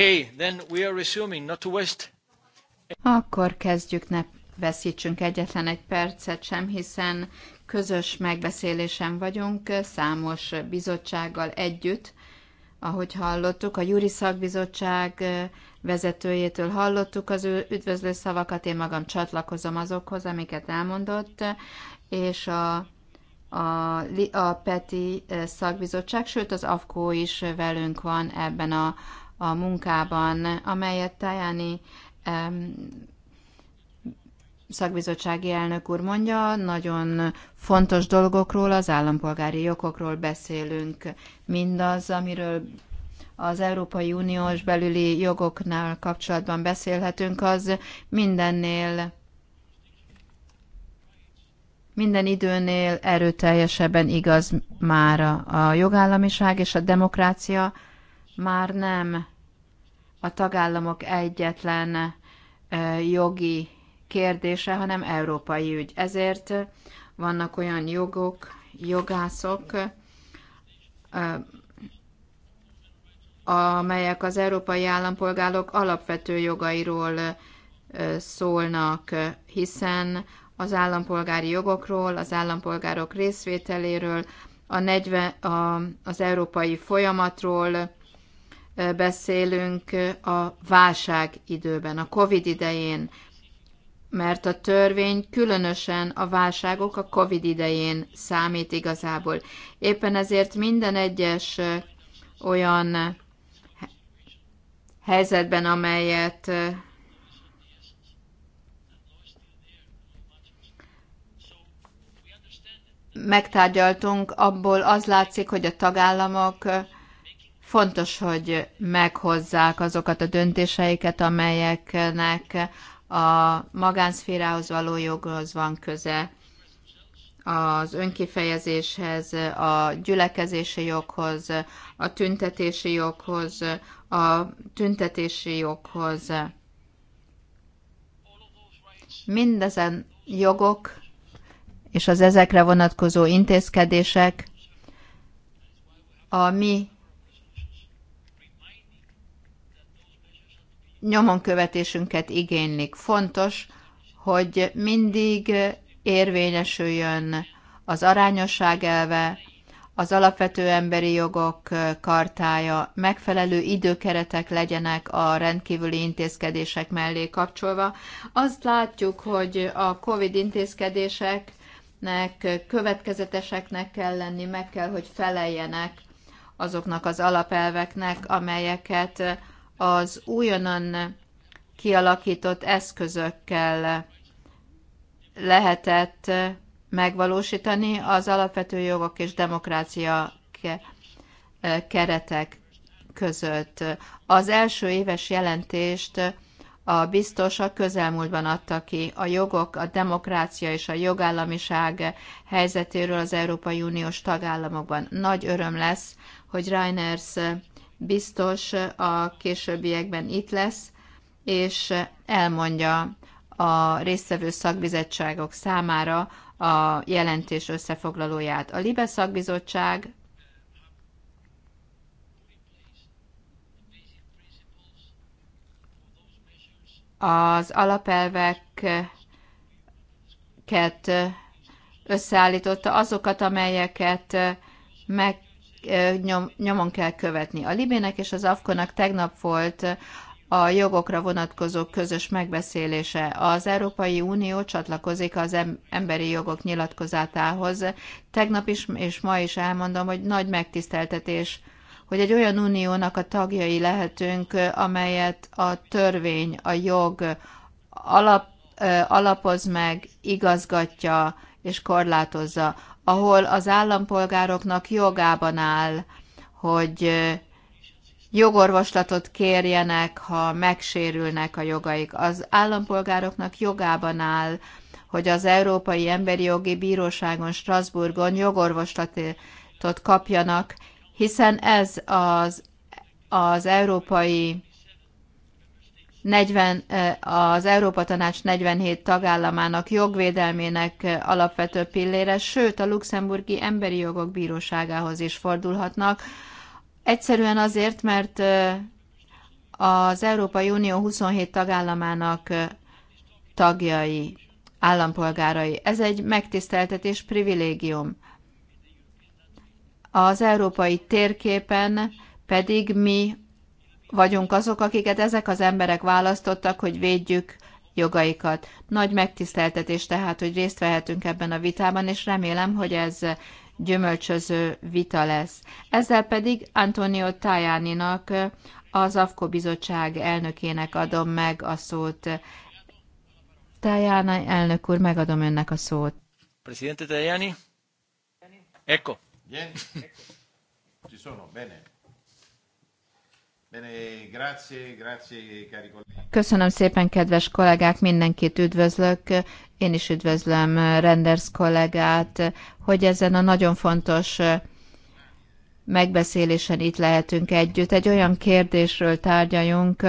Okay, then we are resuming, not to waste. Akkor kezdjük, ne veszítsünk egyetlen egy percet sem, hiszen közös megbeszélésen vagyunk számos bizottsággal együtt. Ahogy hallottuk, a Júri Szakbizottság vezetőjétől hallottuk az ő üdvözlő szavakat, én magam csatlakozom azokhoz, amiket elmondott, és a a, a PETI szakbizottság, sőt az AFKO is velünk van ebben a, a munkában, amelyet Tajani szakbizottsági elnök úr mondja, nagyon fontos dolgokról, az állampolgári jogokról beszélünk, mindaz, amiről az Európai Uniós belüli jogoknál kapcsolatban beszélhetünk, az mindennél, minden időnél erőteljesebben igaz már a jogállamiság és a demokrácia, már nem a tagállamok egyetlen jogi kérdése, hanem európai ügy. Ezért vannak olyan jogok, jogászok, amelyek az európai állampolgárok alapvető jogairól szólnak, hiszen az állampolgári jogokról, az állampolgárok részvételéről, a 40, a, az európai folyamatról, beszélünk a válság időben, a COVID idején, mert a törvény különösen a válságok a COVID idején számít igazából. Éppen ezért minden egyes olyan helyzetben, amelyet megtárgyaltunk, abból az látszik, hogy a tagállamok Fontos, hogy meghozzák azokat a döntéseiket, amelyeknek a magánszférához való joghoz van köze, az önkifejezéshez, a gyülekezési joghoz, a tüntetési joghoz, a tüntetési joghoz. Mindezen jogok és az ezekre vonatkozó intézkedések a mi nyomon követésünket igénylik. Fontos, hogy mindig érvényesüljön az arányosság elve, az alapvető emberi jogok kartája, megfelelő időkeretek legyenek a rendkívüli intézkedések mellé kapcsolva. Azt látjuk, hogy a COVID intézkedéseknek következeteseknek kell lenni, meg kell, hogy feleljenek azoknak az alapelveknek, amelyeket az újonnan kialakított eszközökkel lehetett megvalósítani az alapvető jogok és demokrácia keretek között. Az első éves jelentést a biztos a közelmúltban adta ki a jogok, a demokrácia és a jogállamiság helyzetéről az Európai Uniós tagállamokban. Nagy öröm lesz, hogy Reiners biztos a későbbiekben itt lesz, és elmondja a résztvevő szakbizottságok számára a jelentés összefoglalóját. A LIBE szakbizottság az alapelveket összeállította azokat, amelyeket meg nyom, nyomon kell követni. A Libének és az Afkonak tegnap volt a jogokra vonatkozó közös megbeszélése. Az Európai Unió csatlakozik az emberi jogok nyilatkozatához. Tegnap is és ma is elmondom, hogy nagy megtiszteltetés, hogy egy olyan uniónak a tagjai lehetünk, amelyet a törvény, a jog alap, alapoz meg, igazgatja és korlátozza ahol az állampolgároknak jogában áll, hogy jogorvoslatot kérjenek, ha megsérülnek a jogaik. Az állampolgároknak jogában áll, hogy az Európai Emberi Jogi Bíróságon Strasbourgon jogorvoslatot kapjanak, hiszen ez az, az európai 40, az Európa Tanács 47 tagállamának jogvédelmének alapvető pillére, sőt a luxemburgi emberi jogok bíróságához is fordulhatnak. Egyszerűen azért, mert az Európai Unió 27 tagállamának tagjai, állampolgárai. Ez egy megtiszteltetés, privilégium. Az európai térképen pedig mi vagyunk azok, akiket ezek az emberek választottak, hogy védjük jogaikat. Nagy megtiszteltetés tehát, hogy részt vehetünk ebben a vitában, és remélem, hogy ez gyümölcsöző vita lesz. Ezzel pedig Antonio Tajáninak, az AFKO bizottság elnökének adom meg a szót. Tajani elnök úr, megadom önnek a szót. Presidente Tajani? Ecco. Bien. Ci sono, bene. Köszönöm szépen, kedves kollégák, mindenkit üdvözlök. Én is üdvözlöm Renders kollégát, hogy ezen a nagyon fontos megbeszélésen itt lehetünk együtt. Egy olyan kérdésről tárgyaljunk,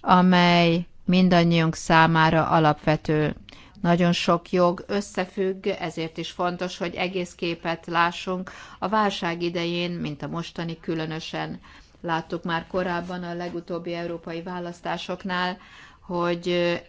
amely mindannyiunk számára alapvető. Nagyon sok jog összefügg, ezért is fontos, hogy egész képet lássunk a válság idején, mint a mostani különösen. Láttuk már korábban a legutóbbi európai választásoknál, hogy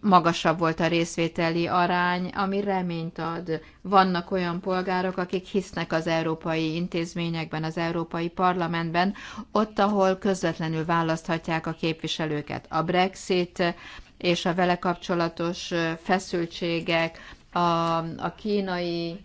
magasabb volt a részvételi arány, ami reményt ad. Vannak olyan polgárok, akik hisznek az európai intézményekben, az európai parlamentben, ott, ahol közvetlenül választhatják a képviselőket. A Brexit és a vele kapcsolatos feszültségek, a, a kínai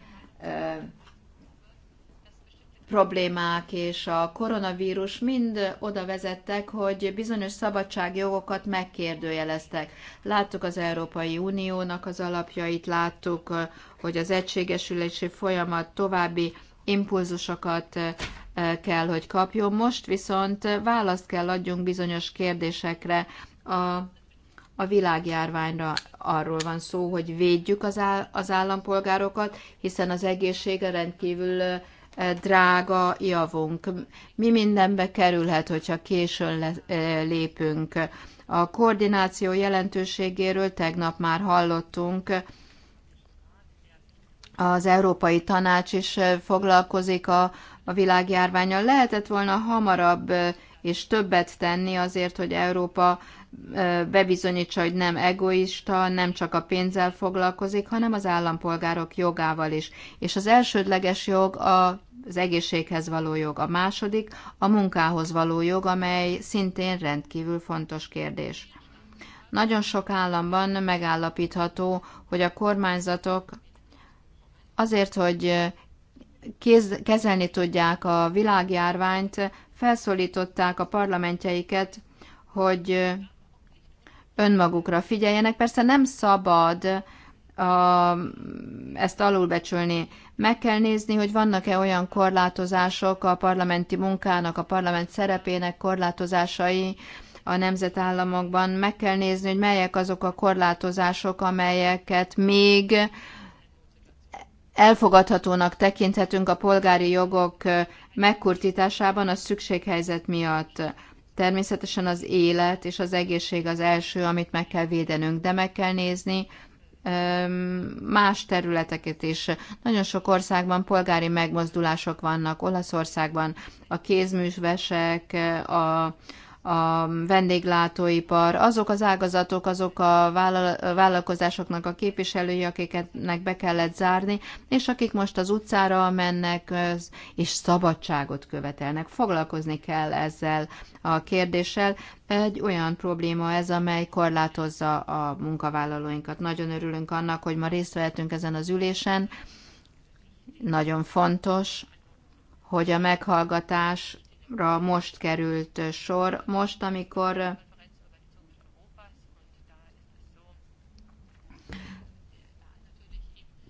problémák és a koronavírus mind oda vezettek, hogy bizonyos szabadságjogokat megkérdőjeleztek. Láttuk az Európai Uniónak az alapjait, láttuk, hogy az egységesülési folyamat további impulzusokat eh, kell, hogy kapjon. Most viszont választ kell adjunk bizonyos kérdésekre a, a világjárványra. Arról van szó, hogy védjük az, áll, az állampolgárokat, hiszen az egészsége rendkívül eh, Eh, drága javunk. Mi mindenbe kerülhet, hogyha későn eh, lépünk. A koordináció jelentőségéről tegnap már hallottunk, az Európai Tanács is eh, foglalkozik a, a világjárványal. Lehetett volna hamarabb és többet tenni azért, hogy Európa bebizonyítsa, hogy nem egoista, nem csak a pénzzel foglalkozik, hanem az állampolgárok jogával is. És az elsődleges jog a az egészséghez való jog, a második a munkához való jog, amely szintén rendkívül fontos kérdés. Nagyon sok államban megállapítható, hogy a kormányzatok azért, hogy kéz, kezelni tudják a világjárványt, felszólították a parlamentjeiket, hogy önmagukra figyeljenek. Persze nem szabad a, ezt alulbecsülni. Meg kell nézni, hogy vannak-e olyan korlátozások a parlamenti munkának, a parlament szerepének korlátozásai a nemzetállamokban. Meg kell nézni, hogy melyek azok a korlátozások, amelyeket még elfogadhatónak tekinthetünk a polgári jogok megkurtításában a szükséghelyzet miatt Természetesen az élet és az egészség az első, amit meg kell védenünk, de meg kell nézni más területeket is. Nagyon sok országban polgári megmozdulások vannak. Olaszországban a kézművesek, a, a vendéglátóipar, azok az ágazatok, azok a vállalkozásoknak a képviselői, akiknek be kellett zárni, és akik most az utcára mennek, és szabadságot követelnek. Foglalkozni kell ezzel a kérdéssel. Egy olyan probléma ez, amely korlátozza a munkavállalóinkat. Nagyon örülünk annak, hogy ma részt vehetünk ezen az ülésen. Nagyon fontos, hogy a meghallgatás ra most került sor, most, amikor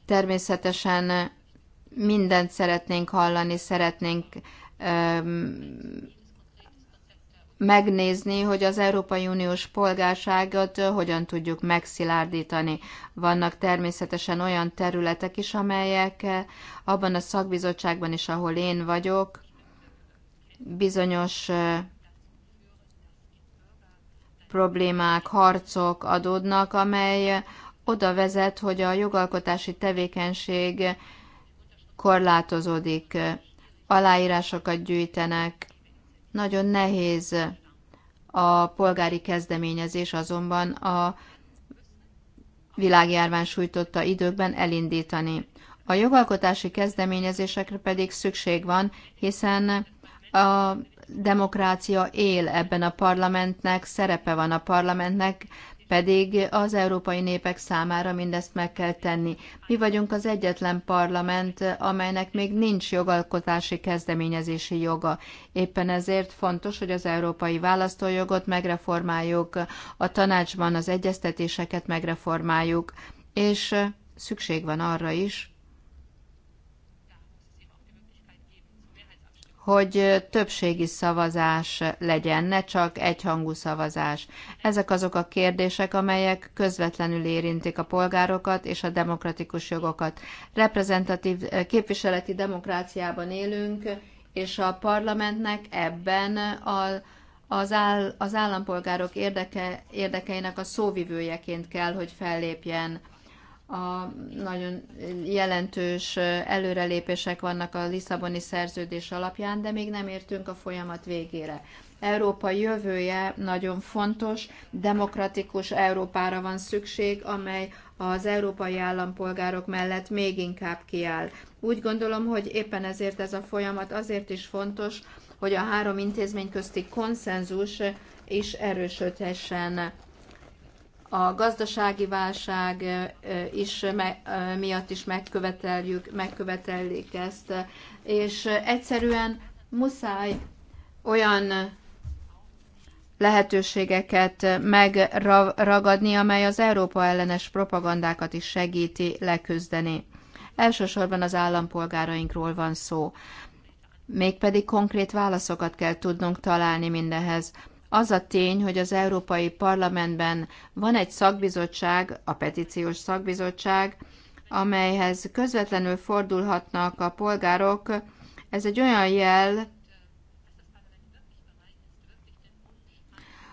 természetesen mindent szeretnénk hallani, szeretnénk megnézni, hogy az Európai Uniós polgárságot hogyan tudjuk megszilárdítani. Vannak természetesen olyan területek is, amelyek abban a szakbizottságban is, ahol én vagyok, bizonyos problémák, harcok adódnak, amely oda vezet, hogy a jogalkotási tevékenység korlátozódik, aláírásokat gyűjtenek. Nagyon nehéz a polgári kezdeményezés azonban a világjárvány sújtotta időkben elindítani. A jogalkotási kezdeményezésekre pedig szükség van, hiszen a demokrácia él ebben a parlamentnek, szerepe van a parlamentnek, pedig az európai népek számára mindezt meg kell tenni. Mi vagyunk az egyetlen parlament, amelynek még nincs jogalkotási kezdeményezési joga. Éppen ezért fontos, hogy az európai választójogot megreformáljuk, a tanácsban az egyeztetéseket megreformáljuk, és szükség van arra is, hogy többségi szavazás legyen, ne csak egyhangú szavazás. Ezek azok a kérdések, amelyek közvetlenül érintik a polgárokat és a demokratikus jogokat. Reprezentatív képviseleti demokráciában élünk, és a parlamentnek ebben a, az, áll, az állampolgárok érdeke, érdekeinek a szóvivőjeként kell, hogy fellépjen a nagyon jelentős előrelépések vannak a Lisszaboni szerződés alapján, de még nem értünk a folyamat végére. Európa jövője nagyon fontos, demokratikus Európára van szükség, amely az európai állampolgárok mellett még inkább kiáll. Úgy gondolom, hogy éppen ezért ez a folyamat azért is fontos, hogy a három intézmény közti konszenzus is erősödhessen a gazdasági válság is miatt is megköveteljük, megkövetelik ezt, és egyszerűen muszáj olyan lehetőségeket megragadni, amely az Európa ellenes propagandákat is segíti leküzdeni. Elsősorban az állampolgárainkról van szó. Mégpedig konkrét válaszokat kell tudnunk találni mindehez. Az a tény, hogy az Európai Parlamentben van egy szakbizottság, a petíciós szakbizottság, amelyhez közvetlenül fordulhatnak a polgárok, ez egy olyan jel,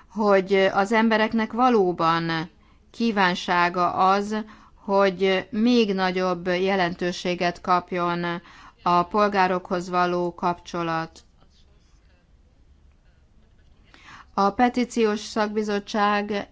hogy az embereknek valóban kívánsága az, hogy még nagyobb jelentőséget kapjon a polgárokhoz való kapcsolat. A petíciós szakbizottság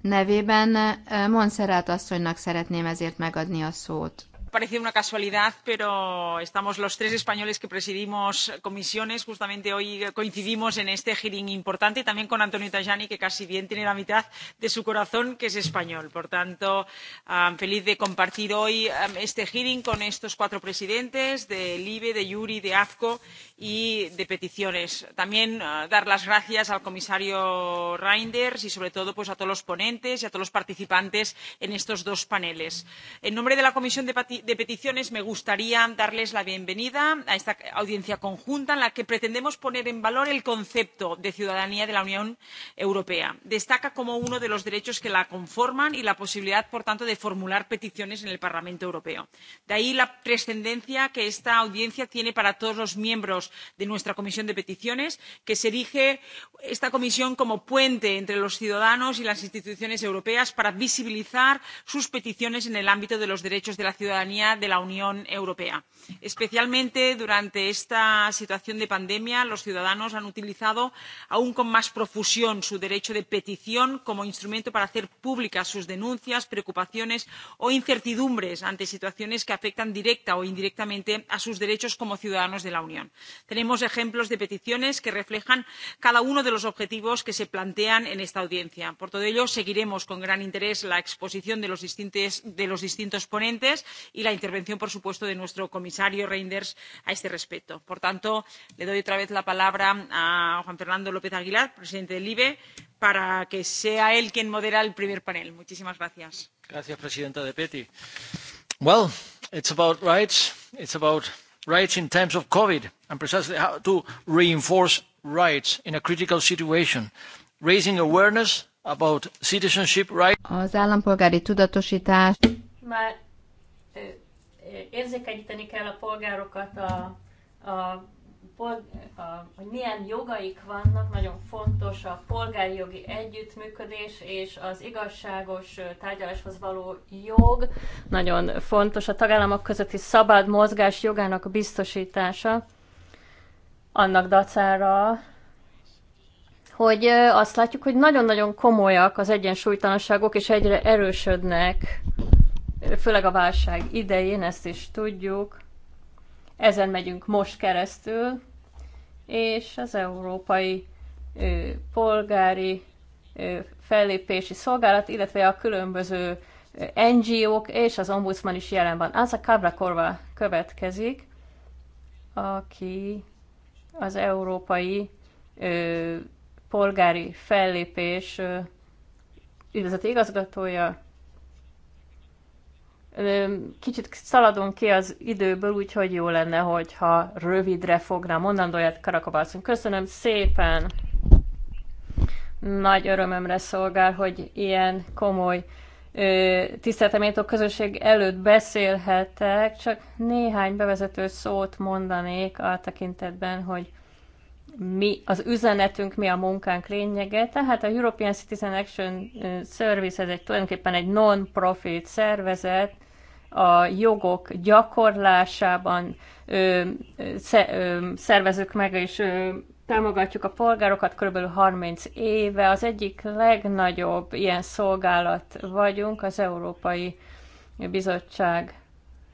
nevében eh, Monserrat asszonynak szeretném ezért megadni a szót parece una casualidad, pero estamos los tres españoles que presidimos comisiones. Justamente hoy coincidimos en este hearing importante y también con Antonio Tajani, que casi bien tiene la mitad de su corazón, que es español. Por tanto, um, feliz de compartir hoy um, este hearing con estos cuatro presidentes de LIBE, de Yuri, de AFCO y de peticiones. También uh, dar las gracias al comisario Reinders y sobre todo pues, a todos los ponentes y a todos los participantes en estos dos paneles. En nombre de la Comisión de de Peticiones me gustaría darles la bienvenida a esta audiencia conjunta en la que pretendemos poner en valor el concepto de ciudadanía de la Unión Europea. Destaca como uno de los derechos que la conforman y la posibilidad, por tanto, de formular peticiones en el Parlamento Europeo. De ahí la trascendencia que esta audiencia tiene para todos los miembros de nuestra Comisión de Peticiones, que se erige esta comisión como puente entre los ciudadanos y las instituciones europeas para visibilizar sus peticiones en el ámbito de los derechos de la ciudadanía ciudadanía de la Unión Europea. Especialmente durante esta situación de pandemia, los ciudadanos han utilizado aún con más profusión su derecho de petición como instrumento para hacer públicas sus denuncias, preocupaciones o incertidumbres ante situaciones que afectan directa o indirectamente a sus derechos como ciudadanos de la Unión. Tenemos ejemplos de peticiones que reflejan cada uno de los objetivos que se plantean en esta audiencia. Por todo ello, seguiremos con gran interés la exposición de los distintos, ponentes la intervención, por supuesto, de nuestro comisario reynders a este respecto. Por tanto, le doy otra vez la palabra a Juan Fernando López Aguilar, presidente del IBE, para que sea él quien modere el primer panel. Muchísimas gracias. Gracias, presidenta de PETI. Well, it's about rights. It's about rights in times of COVID and precisely how to reinforce rights in a critical situation, raising awareness about citizenship rights. Az állampolgári tudatosítás már érzékenyíteni kell a polgárokat, a, a, a, a, hogy milyen jogaik vannak, nagyon fontos a polgári jogi együttműködés és az igazságos tárgyaláshoz való jog, nagyon fontos a tagállamok közötti szabad mozgás jogának biztosítása, annak dacára, hogy azt látjuk, hogy nagyon-nagyon komolyak az egyensúlytalanságok, és egyre erősödnek főleg a válság idején, ezt is tudjuk. Ezen megyünk most keresztül, és az Európai Polgári Fellépési Szolgálat, illetve a különböző NGO-k és az ombudsman is jelen van. Az a Cabra Korva következik, aki az Európai Polgári Fellépés ügyvezeti igazgatója, Kicsit szaladunk ki az időből, úgyhogy jó lenne, hogyha rövidre fognám mondandóját Karakabászon. Köszönöm szépen! Nagy örömömre szolgál, hogy ilyen komoly tisztelteméltó közösség előtt beszélhetek, csak néhány bevezető szót mondanék a tekintetben, hogy mi az üzenetünk, mi a munkánk lényege. Tehát a European Citizen Action Service, ez egy tulajdonképpen egy non-profit szervezet, a jogok gyakorlásában ö, sze, ö, szervezük meg és ö, támogatjuk a polgárokat kb. 30 éve. Az egyik legnagyobb ilyen szolgálat vagyunk, az Európai Bizottság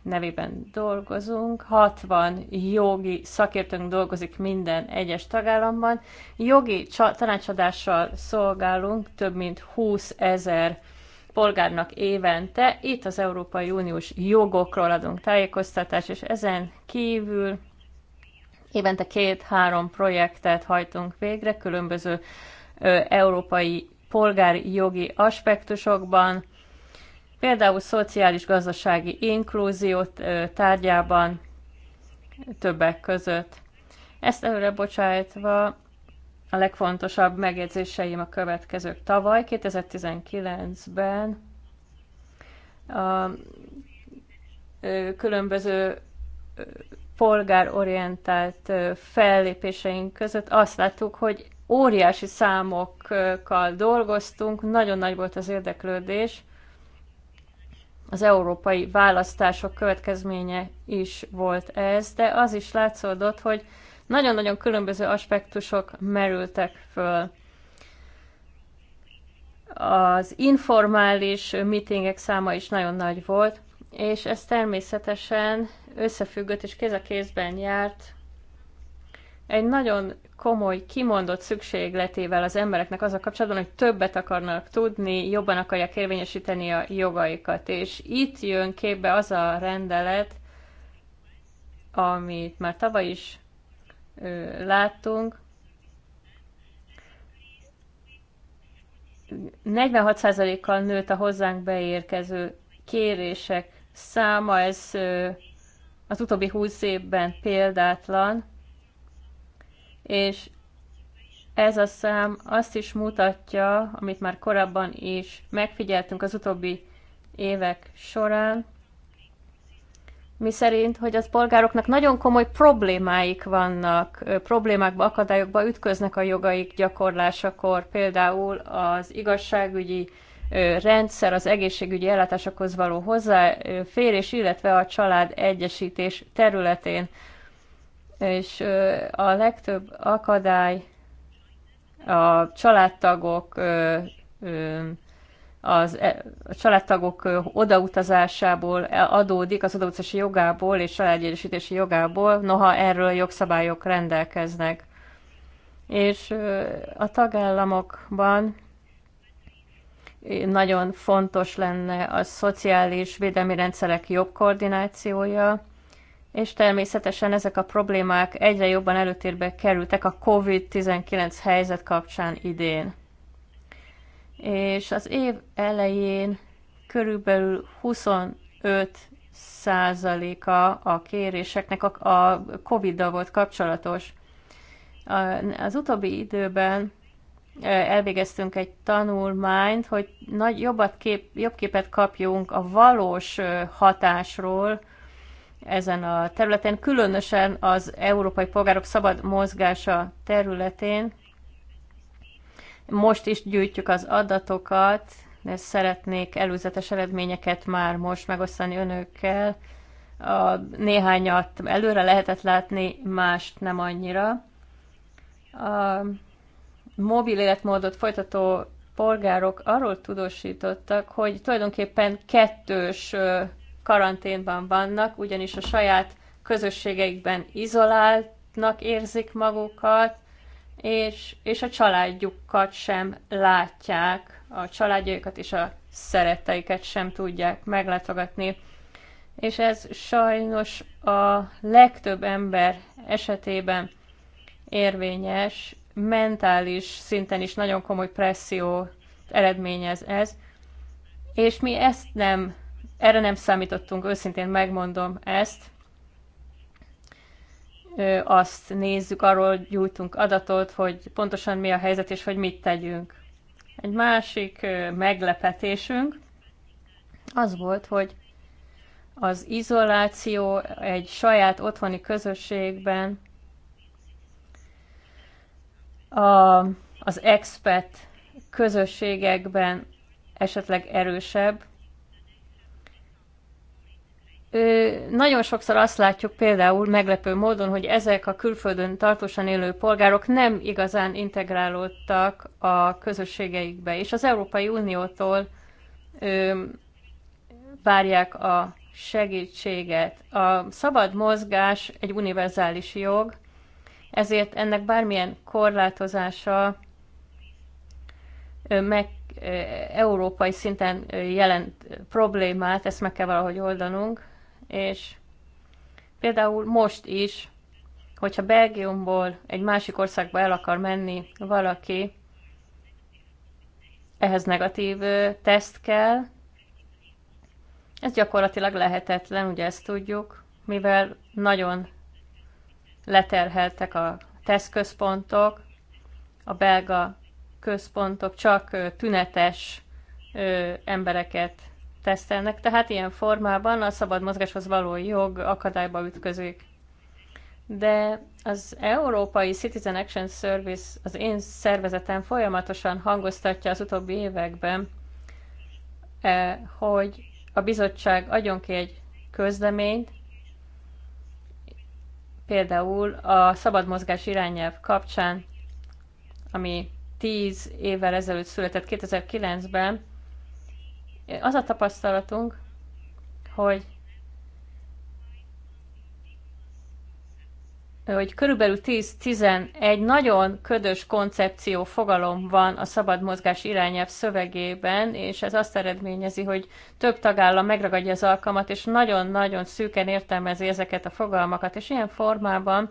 nevében dolgozunk. 60 jogi szakértőnk dolgozik minden egyes tagállamban. Jogi tanácsadással szolgálunk több mint 20 ezer polgárnak évente. Itt az Európai Uniós jogokról adunk tájékoztatást, és ezen kívül évente két-három projektet hajtunk végre különböző ö, európai polgári jogi aspektusokban, például szociális-gazdasági ö, tárgyában többek között. Ezt előre bocsájtva a legfontosabb megjegyzéseim a következők. Tavaly, 2019-ben a különböző polgárorientált fellépéseink között azt láttuk, hogy óriási számokkal dolgoztunk, nagyon nagy volt az érdeklődés, az európai választások következménye is volt ez, de az is látszódott, hogy nagyon-nagyon különböző aspektusok merültek föl. Az informális meetingek száma is nagyon nagy volt, és ez természetesen összefüggött és kéz a kézben járt egy nagyon komoly, kimondott szükségletével az embereknek az a kapcsolatban, hogy többet akarnak tudni, jobban akarják érvényesíteni a jogaikat. És itt jön képbe az a rendelet, amit már tavaly is láttunk. 46%-kal nőtt a hozzánk beérkező kérések száma, ez az utóbbi 20 évben példátlan, és ez a szám azt is mutatja, amit már korábban is megfigyeltünk az utóbbi évek során, mi szerint, hogy az polgároknak nagyon komoly problémáik vannak, problémákba, akadályokba ütköznek a jogaik gyakorlásakor, például az igazságügyi rendszer, az egészségügyi ellátásokhoz való hozzáférés, illetve a család egyesítés területén. És a legtöbb akadály a családtagok az e, a családtagok odautazásából adódik, az odautazási jogából és családjegyesítési jogából, noha erről jogszabályok rendelkeznek. És a tagállamokban nagyon fontos lenne a szociális védelmi rendszerek jobb koordinációja, és természetesen ezek a problémák egyre jobban előtérbe kerültek a COVID-19 helyzet kapcsán idén és az év elején körülbelül 25 százaléka a kéréseknek a Covid-dal volt kapcsolatos. Az utóbbi időben e, elvégeztünk egy tanulmányt, hogy nagy, jobbat kép, jobb képet kapjunk a valós hatásról ezen a területen, különösen az európai polgárok szabad mozgása területén, most is gyűjtjük az adatokat, de szeretnék előzetes eredményeket már most megosztani önökkel. A néhányat előre lehetett látni, mást nem annyira. A mobil életmódot folytató polgárok arról tudósítottak, hogy tulajdonképpen kettős karanténban vannak, ugyanis a saját közösségeikben izoláltnak érzik magukat, és, és a családjukat sem látják, a családjaikat és a szeretteiket sem tudják meglátogatni. És ez sajnos a legtöbb ember esetében érvényes, mentális szinten is nagyon komoly presszió eredményez ez, és mi ezt nem, erre nem számítottunk, őszintén megmondom ezt, azt nézzük, arról gyújtunk adatot, hogy pontosan mi a helyzet, és hogy mit tegyünk. Egy másik meglepetésünk az volt, hogy az izoláció egy saját otthoni közösségben a, az expat közösségekben esetleg erősebb, nagyon sokszor azt látjuk például meglepő módon, hogy ezek a külföldön tartósan élő polgárok nem igazán integrálódtak a közösségeikbe, és az Európai Uniótól ö, várják a segítséget. A szabad mozgás egy univerzális jog, ezért ennek bármilyen korlátozása meg európai szinten jelent problémát, ezt meg kell valahogy oldanunk és például most is, hogyha Belgiumból egy másik országba el akar menni valaki, ehhez negatív teszt kell. Ez gyakorlatilag lehetetlen, ugye ezt tudjuk, mivel nagyon leterheltek a tesztközpontok, a belga központok csak tünetes embereket tesztelnek, tehát ilyen formában a szabad mozgáshoz való jog akadályba ütközik. De az Európai Citizen Action Service az én szervezetem folyamatosan hangoztatja az utóbbi években, e, hogy a bizottság adjon ki egy közleményt, például a szabad mozgás irányelv kapcsán, ami 10 évvel ezelőtt született 2009-ben, az a tapasztalatunk, hogy hogy körülbelül 10-11 nagyon ködös koncepció, fogalom van a szabad mozgás irányelv szövegében, és ez azt eredményezi, hogy több tagállam megragadja az alkalmat, és nagyon-nagyon szűken értelmezi ezeket a fogalmakat, és ilyen formában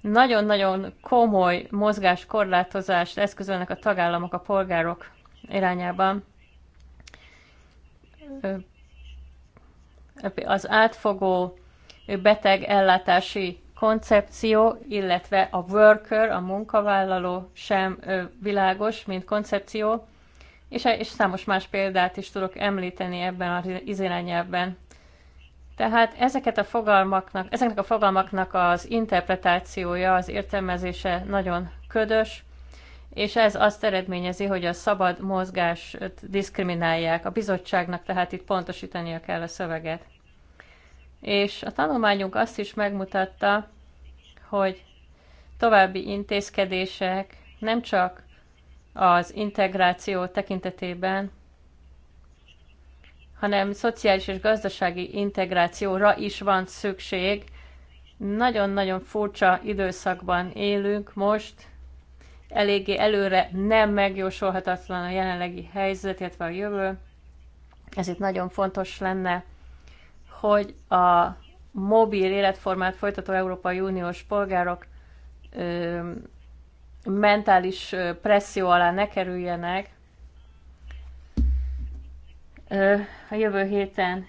nagyon-nagyon komoly mozgáskorlátozást eszközölnek a tagállamok a polgárok irányában az átfogó beteg ellátási koncepció, illetve a worker, a munkavállaló sem világos, mint koncepció, és, és számos más példát is tudok említeni ebben az irányelvben. Tehát ezeket a fogalmaknak, ezeknek a fogalmaknak az interpretációja, az értelmezése nagyon ködös, és ez azt eredményezi, hogy a szabad mozgást diszkriminálják. A bizottságnak tehát itt pontosítania kell a szöveget. És a tanulmányunk azt is megmutatta, hogy további intézkedések nem csak az integráció tekintetében, hanem szociális és gazdasági integrációra is van szükség. Nagyon-nagyon furcsa időszakban élünk most, eléggé előre nem megjósolhatatlan a jelenlegi helyzet, illetve a jövő. Ezért nagyon fontos lenne, hogy a mobil életformát folytató Európai Uniós polgárok ö, mentális presszió alá ne kerüljenek. Ö, a jövő héten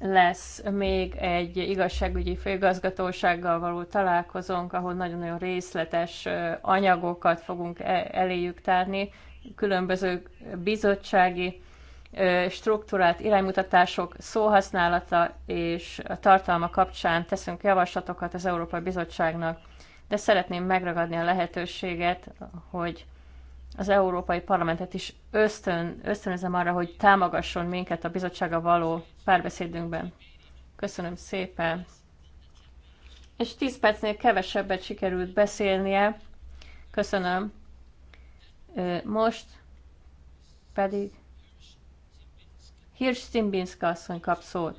lesz még egy igazságügyi főigazgatósággal való találkozónk, ahol nagyon-nagyon részletes anyagokat fogunk e, eléjük tárni, különböző bizottsági struktúrát, iránymutatások szóhasználata és a tartalma kapcsán teszünk javaslatokat az Európai Bizottságnak, de szeretném megragadni a lehetőséget, hogy az Európai Parlamentet is ösztön, ösztönözem arra, hogy támogasson minket a bizottsága való párbeszédünkben. Köszönöm szépen. És 10 percnél kevesebbet sikerült beszélnie. Köszönöm. Most pedig Hirsch Zimbinska asszony kap szót.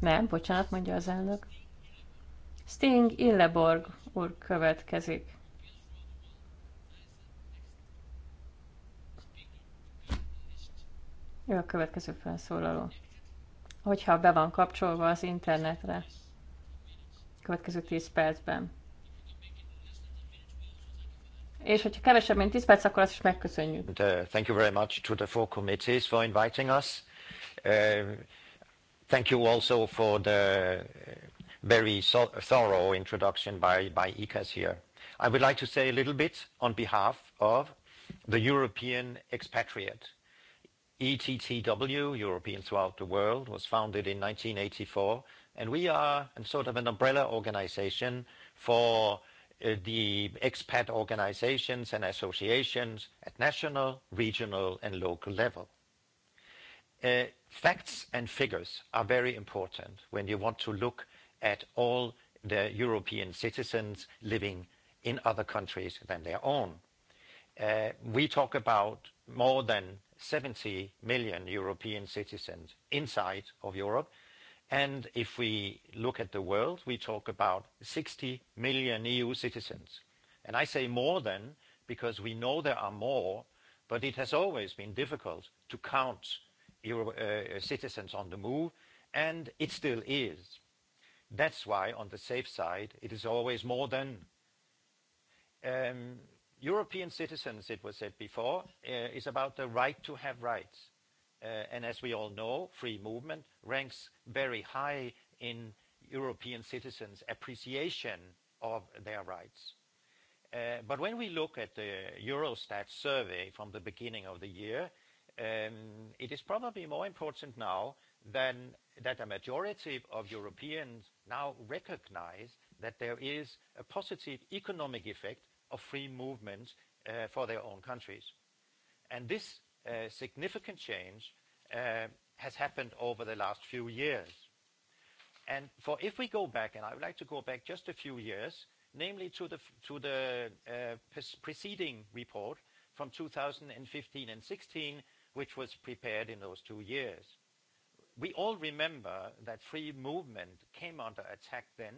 Nem, bocsánat, mondja az elnök. Sting Illeborg úr következik. Ő a következő felszólaló. Hogyha be van kapcsolva az internetre, következő 10 percben. És hogyha kevesebb, mint 10 perc, akkor azt is megköszönjük. And, uh, thank you very much to the four committees for inviting us. Uh, thank you also for the very thorough introduction by Ikas here. I would like to say a little bit on behalf of the European expatriate. ETTW, Europeans Throughout the World, was founded in 1984, and we are sort of an umbrella organization for uh, the expat organizations and associations at national, regional, and local level. Uh, facts and figures are very important when you want to look at all the European citizens living in other countries than their own. Uh, we talk about more than 70 million European citizens inside of Europe. And if we look at the world, we talk about 60 million EU citizens. And I say more than because we know there are more, but it has always been difficult to count Euro, uh, citizens on the move, and it still is. That's why on the safe side, it is always more than. Um, European citizens, it was said before, uh, is about the right to have rights. Uh, and as we all know, free movement ranks very high in European citizens' appreciation of their rights. Uh, but when we look at the Eurostat survey from the beginning of the year, um, it is probably more important now then that a majority of Europeans now recognize that there is a positive economic effect of free movement uh, for their own countries. And this uh, significant change uh, has happened over the last few years. And for if we go back, and I would like to go back just a few years, namely to the, to the uh, preceding report from 2015 and 16, which was prepared in those two years we all remember that free movement came under attack then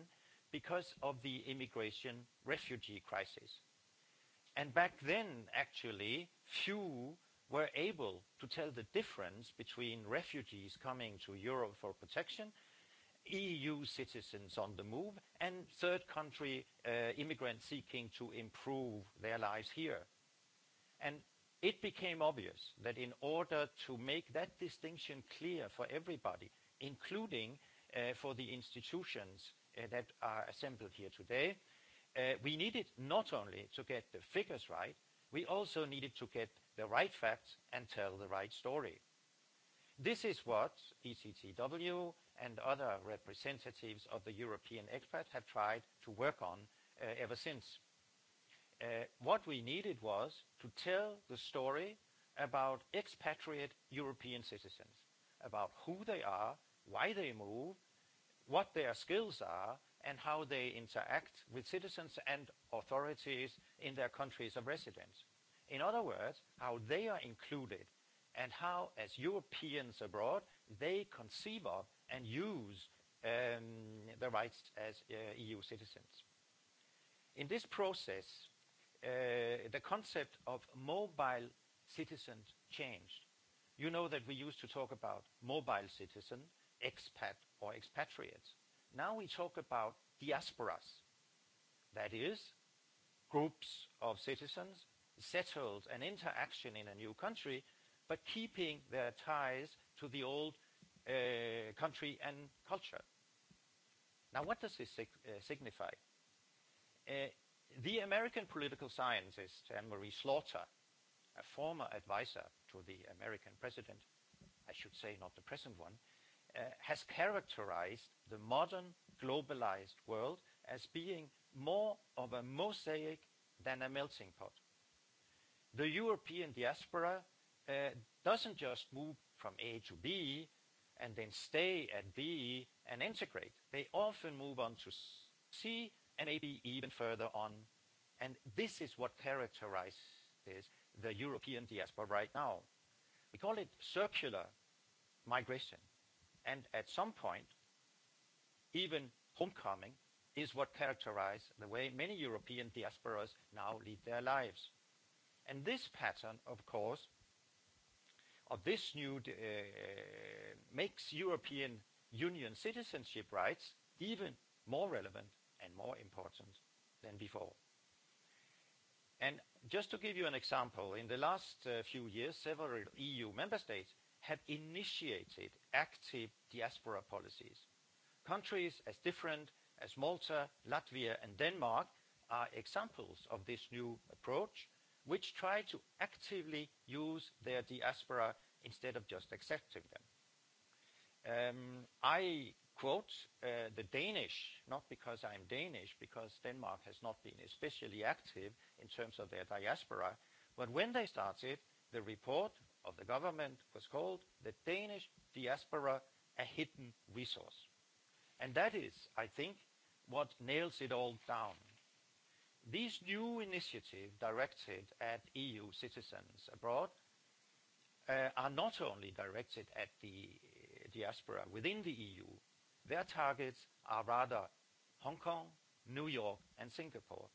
because of the immigration refugee crisis. And back then, actually, few were able to tell the difference between refugees coming to Europe for protection, EU citizens on the move, and third country uh, immigrants seeking to improve their lives here. And it became obvious that in order to make that distinction clear for everybody, including uh, for the institutions uh, that are assembled here today, uh, we needed not only to get the figures right, we also needed to get the right facts and tell the right story. This is what ECTW and other representatives of the European experts have tried to work on uh, ever since uh, what we needed was to tell the story about expatriate European citizens, about who they are, why they move, what their skills are, and how they interact with citizens and authorities in their countries of residence. In other words, how they are included and how, as Europeans abroad, they conceive of and use um, their rights as uh, EU citizens. In this process, Uh, the concept of mobile citizen changed. You know that we used to talk about mobile citizen, expat or expatriates. Now we talk about diasporas. That is, groups of citizens settled and interaction in a new country, but keeping their ties to the old uh, country and culture. Now, what does this sig- uh, signify? Uh, the American political scientist Anne-Marie Slaughter, a former advisor to the American president, I should say not the present one, uh, has characterized the modern globalized world as being more of a mosaic than a melting pot. The European diaspora uh, doesn't just move from A to B and then stay at B and integrate. They often move on to C and maybe even further on. And this is what characterizes the European diaspora right now. We call it circular migration. And at some point, even homecoming is what characterizes the way many European diasporas now lead their lives. And this pattern, of course, of this new uh, makes European Union citizenship rights even more relevant and more important than before. And just to give you an example, in the last uh, few years, several EU member states have initiated active diaspora policies. Countries as different as Malta, Latvia, and Denmark are examples of this new approach, which try to actively use their diaspora instead of just accepting them. Um, I quote uh, the Danish, not because I'm Danish, because Denmark has not been especially active in terms of their diaspora, but when they started, the report of the government was called the Danish diaspora a hidden resource. And that is, I think, what nails it all down. These new initiatives directed at EU citizens abroad uh, are not only directed at the diaspora within the EU, Their targets are rather Hong Kong, New York, and Singapore.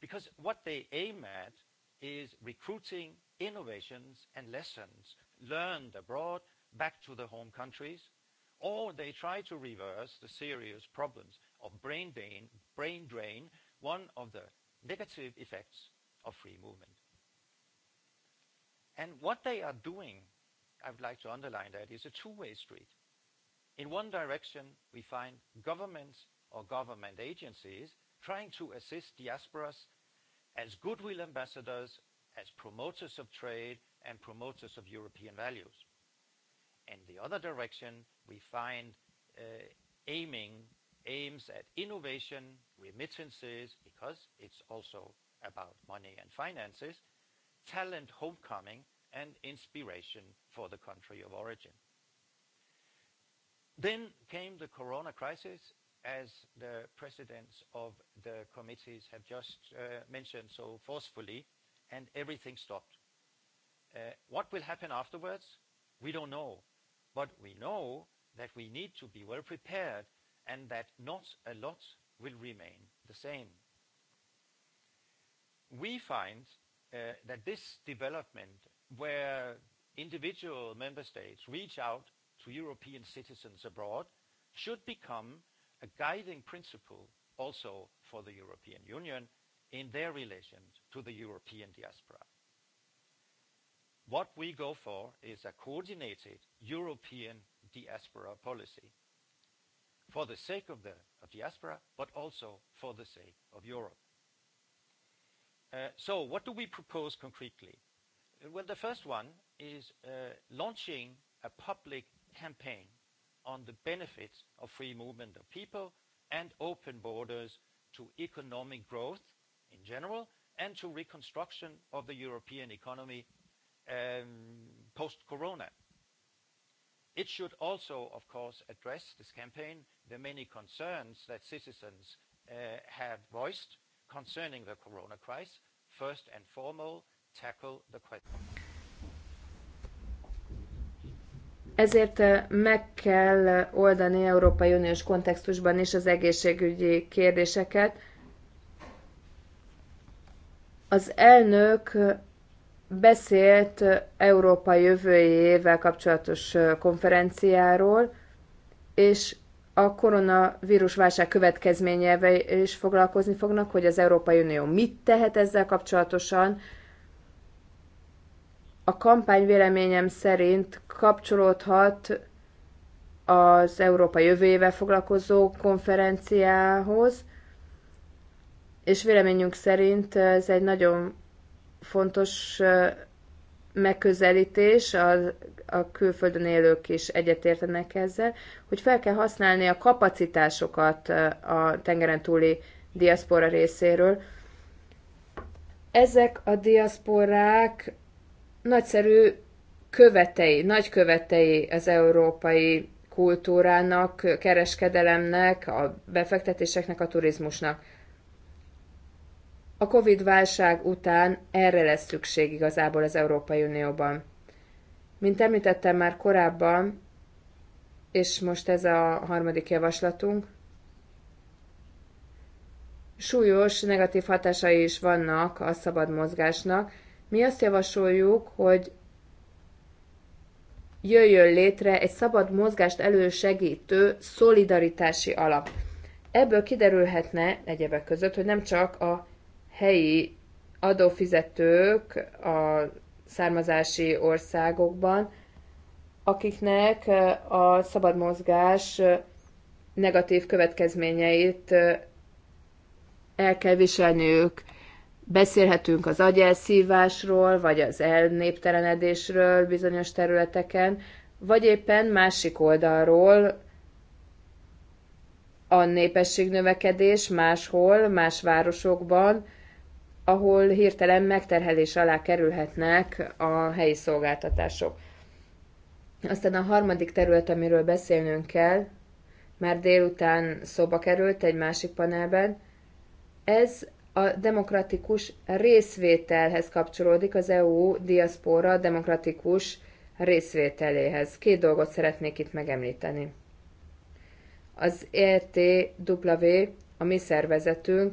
Because what they aim at is recruiting innovations and lessons learned abroad back to the home countries, or they try to reverse the serious problems of brain drain, brain drain one of the negative effects of free movement. And what they are doing, I would like to underline that, is a two-way street. In one direction, we find governments or government agencies trying to assist diasporas as goodwill ambassadors, as promoters of trade, and promoters of European values. In the other direction, we find uh, aiming aims at innovation, remittances, because it's also about money and finances, talent homecoming, and inspiration for the country of origin. Then came the corona crisis, as the presidents of the committees have just uh, mentioned so forcefully, and everything stopped. Uh, what will happen afterwards? We don't know. But we know that we need to be well prepared and that not a lot will remain the same. We find uh, that this development where individual member states reach out to European citizens abroad should become a guiding principle also for the European Union in their relations to the European diaspora. What we go for is a coordinated European diaspora policy for the sake of the of diaspora, but also for the sake of Europe. Uh, so what do we propose concretely? Well, the first one is uh, launching a public campaign on the benefits of free movement of people and open borders to economic growth in general and to reconstruction of the European economy um, post-corona. It should also, of course, address this campaign the many concerns that citizens uh, have voiced concerning the corona crisis. First and foremost, tackle the question. Ezért meg kell oldani Európai Uniós kontextusban is az egészségügyi kérdéseket. Az elnök beszélt Európa jövőjével kapcsolatos konferenciáról, és a koronavírus válság következményeivel is foglalkozni fognak, hogy az Európai Unió mit tehet ezzel kapcsolatosan, a kampány véleményem szerint kapcsolódhat az Európa jövőjével foglalkozó konferenciához, és véleményünk szerint ez egy nagyon fontos megközelítés, a, a külföldön élők is egyetértenek ezzel, hogy fel kell használni a kapacitásokat a tengeren túli diaszpora részéről. Ezek a diaszporák nagyszerű követei, nagy követei az európai kultúrának, kereskedelemnek, a befektetéseknek, a turizmusnak. A Covid-válság után erre lesz szükség igazából az Európai Unióban. Mint említettem már korábban, és most ez a harmadik javaslatunk, súlyos negatív hatásai is vannak a szabad mozgásnak, mi azt javasoljuk, hogy jöjjön létre egy szabad mozgást elősegítő szolidaritási alap. Ebből kiderülhetne egyebek között, hogy nem csak a helyi adófizetők a származási országokban, akiknek a szabad mozgás negatív következményeit el kell viselniük. Beszélhetünk az agyelszívásról, vagy az elnéptelenedésről bizonyos területeken, vagy éppen másik oldalról a népességnövekedés máshol, más városokban, ahol hirtelen megterhelés alá kerülhetnek a helyi szolgáltatások. Aztán a harmadik terület, amiről beszélnünk kell, már délután szóba került egy másik panelben, ez a demokratikus részvételhez kapcsolódik, az EU diaszpora demokratikus részvételéhez. Két dolgot szeretnék itt megemlíteni. Az ETW, a mi szervezetünk,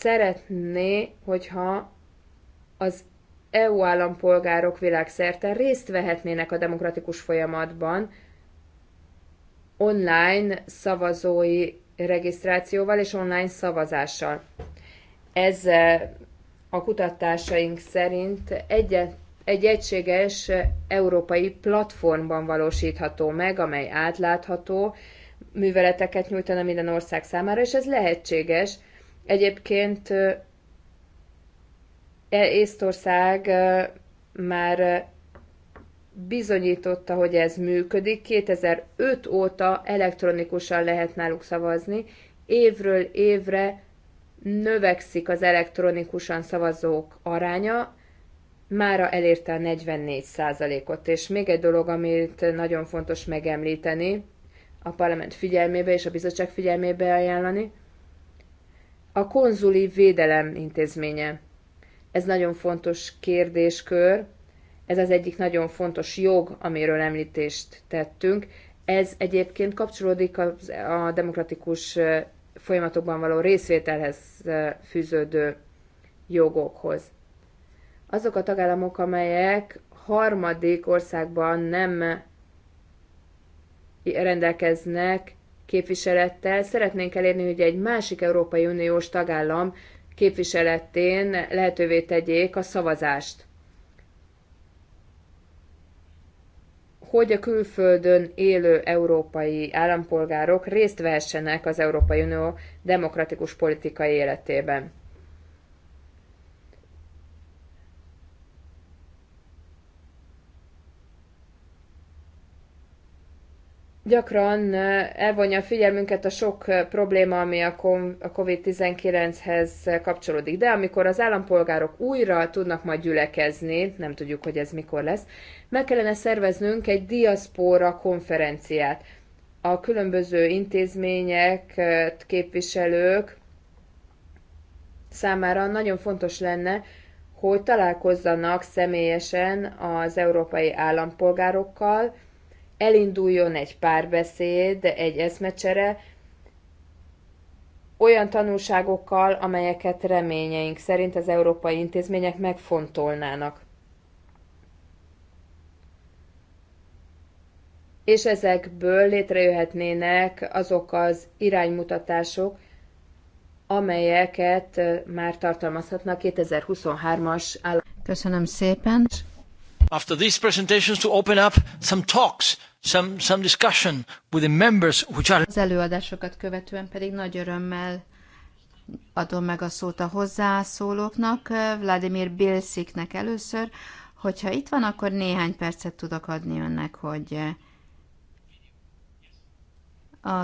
szeretné, hogyha az EU állampolgárok világszerte részt vehetnének a demokratikus folyamatban, online szavazói regisztrációval és online szavazással. Ez eh, a kutatásaink szerint egy, egy egységes európai platformban valósítható meg, amely átlátható, műveleteket nyújtana minden ország számára, és ez lehetséges. Egyébként eh, Észtország eh, már bizonyította, hogy ez működik. 2005 óta elektronikusan lehet náluk szavazni. Évről évre növekszik az elektronikusan szavazók aránya, mára elérte a 44 ot És még egy dolog, amit nagyon fontos megemlíteni, a parlament figyelmébe és a bizottság figyelmébe ajánlani, a konzuli védelem intézménye. Ez nagyon fontos kérdéskör, ez az egyik nagyon fontos jog, amiről említést tettünk. Ez egyébként kapcsolódik a, a demokratikus folyamatokban való részvételhez fűződő jogokhoz. Azok a tagállamok, amelyek harmadik országban nem rendelkeznek képviselettel, szeretnénk elérni, hogy egy másik Európai Uniós tagállam képviseletén lehetővé tegyék a szavazást. hogy a külföldön élő európai állampolgárok részt vehessenek az Európai Unió demokratikus politikai életében. gyakran eh, elvonja a figyelmünket a sok eh, probléma, ami a COVID-19-hez eh, kapcsolódik. De amikor az állampolgárok újra tudnak majd gyülekezni, nem tudjuk, hogy ez mikor lesz, meg kellene szerveznünk egy diaszpóra konferenciát. A különböző intézmények, képviselők számára nagyon fontos lenne, hogy találkozzanak személyesen az európai állampolgárokkal, elinduljon egy párbeszéd, egy eszmecsere, olyan tanulságokkal, amelyeket reményeink szerint az európai intézmények megfontolnának. És ezekből létrejöhetnének azok az iránymutatások, amelyeket már tartalmazhatnak 2023-as állam. Köszönöm szépen. After these presentations to open up some talks some, some discussion with the members which are... Az előadásokat követően pedig nagy örömmel adom meg a szót a hozzászólóknak, Vladimir Bilsziknek először, hogyha itt van, akkor néhány percet tudok adni önnek, hogy a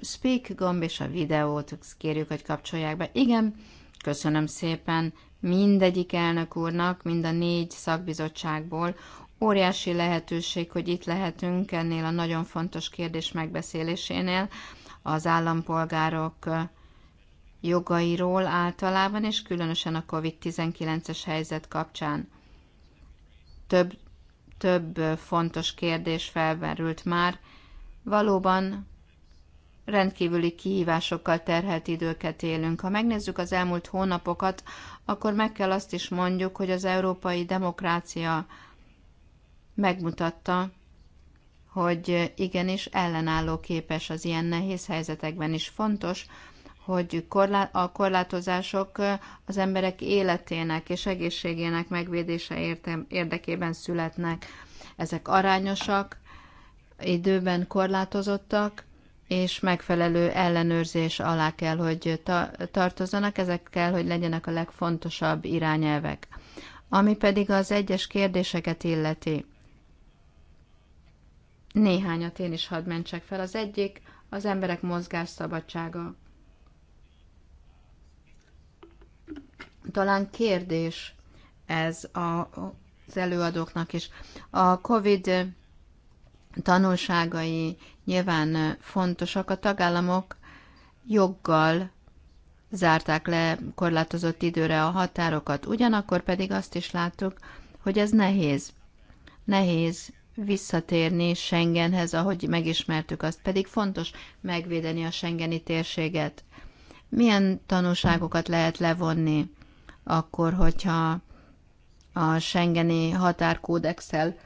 speak gomb és a videót kérjük, hogy kapcsolják be. Igen, köszönöm szépen mindegyik elnök úrnak, mind a négy szakbizottságból Óriási lehetőség, hogy itt lehetünk ennél a nagyon fontos kérdés megbeszélésénél az állampolgárok jogairól általában, és különösen a COVID-19-es helyzet kapcsán. Több, több fontos kérdés felverült már. Valóban rendkívüli kihívásokkal terhelt időket élünk. Ha megnézzük az elmúlt hónapokat, akkor meg kell azt is mondjuk, hogy az európai demokrácia megmutatta, hogy igenis ellenálló képes az ilyen nehéz helyzetekben is. Fontos, hogy a korlátozások az emberek életének és egészségének megvédése érdekében születnek. Ezek arányosak, időben korlátozottak, és megfelelő ellenőrzés alá kell, hogy tartozzanak, ezek kell, hogy legyenek a legfontosabb irányelvek. Ami pedig az egyes kérdéseket illeti. Néhányat én is hadd mentsek fel. Az egyik az emberek mozgás szabadsága. Talán kérdés ez a, az előadóknak is. A COVID tanulságai nyilván fontosak. A tagállamok joggal zárták le korlátozott időre a határokat, ugyanakkor pedig azt is láttuk, hogy ez nehéz. Nehéz visszatérni Schengenhez, ahogy megismertük, azt pedig fontos megvédeni a Schengeni térséget. Milyen tanulságokat lehet levonni akkor, hogyha a Schengeni határkódexel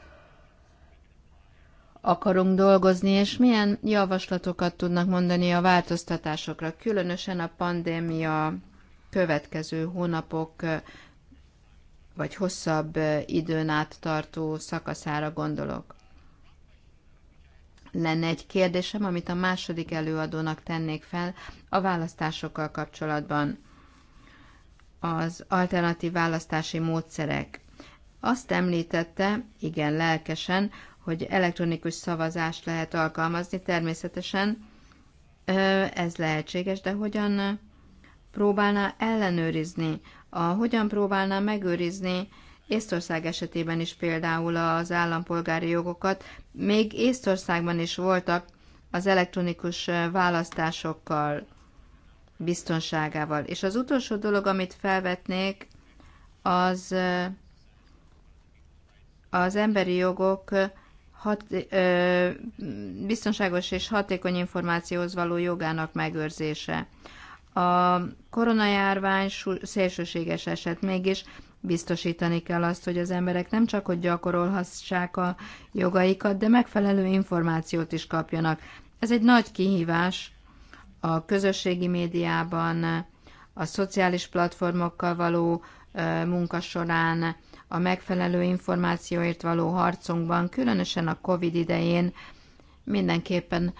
akarunk dolgozni, és milyen javaslatokat tudnak mondani a változtatásokra, különösen a pandémia következő hónapok vagy hosszabb időn át tartó szakaszára gondolok. Lenne egy kérdésem, amit a második előadónak tennék fel a választásokkal kapcsolatban. Az alternatív választási módszerek. Azt említette, igen lelkesen, hogy elektronikus szavazást lehet alkalmazni, természetesen ez lehetséges, de hogyan próbálná ellenőrizni, a hogyan próbálná megőrizni Észtország esetében is például az állampolgári jogokat. Még Észtországban is voltak az elektronikus választásokkal, biztonságával. És az utolsó dolog, amit felvetnék, az az emberi jogok hat, ö, biztonságos és hatékony információhoz való jogának megőrzése. A koronajárvány szélsőséges eset mégis Biztosítani kell azt, hogy az emberek nem csak hogy gyakorolhassák a jogaikat, de megfelelő információt is kapjanak. Ez egy nagy kihívás a közösségi médiában, a szociális platformokkal való munka során, a megfelelő információért való harcunkban, különösen a COVID idején mindenképpen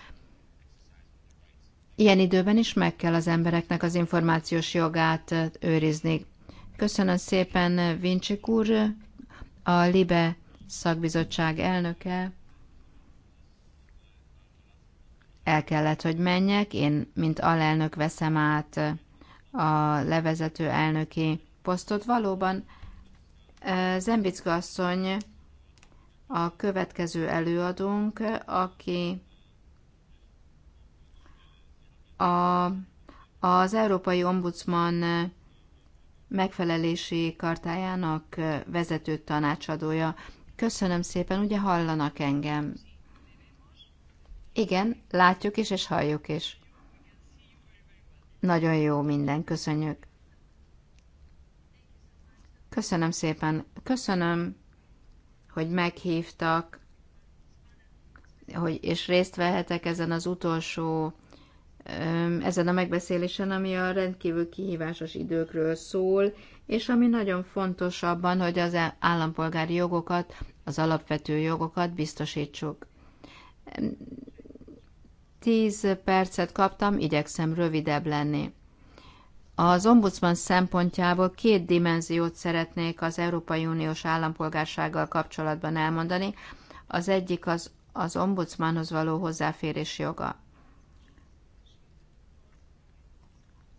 Ilyen időben is meg kell az embereknek az információs jogát őrizni. Köszönöm szépen, Vincsik úr, a LIBE szakbizottság elnöke. El kellett, hogy menjek. Én, mint alelnök, veszem át a levezető elnöki posztot. Valóban Zembicka asszony a következő előadónk, aki a, az Európai Ombudsman megfelelési kartájának vezető tanácsadója. Köszönöm szépen, ugye hallanak engem? Igen, látjuk is, és halljuk is. Nagyon jó minden, köszönjük. Köszönöm szépen. Köszönöm, hogy meghívtak, hogy, és részt vehetek ezen az utolsó ezen a megbeszélésen, ami a rendkívül kihívásos időkről szól, és ami nagyon fontos abban, hogy az állampolgári jogokat, az alapvető jogokat biztosítsuk. Tíz percet kaptam, igyekszem rövidebb lenni. Az ombudsman szempontjából két dimenziót szeretnék az Európai Uniós állampolgársággal kapcsolatban elmondani. Az egyik az, az ombudsmanhoz való hozzáférés joga.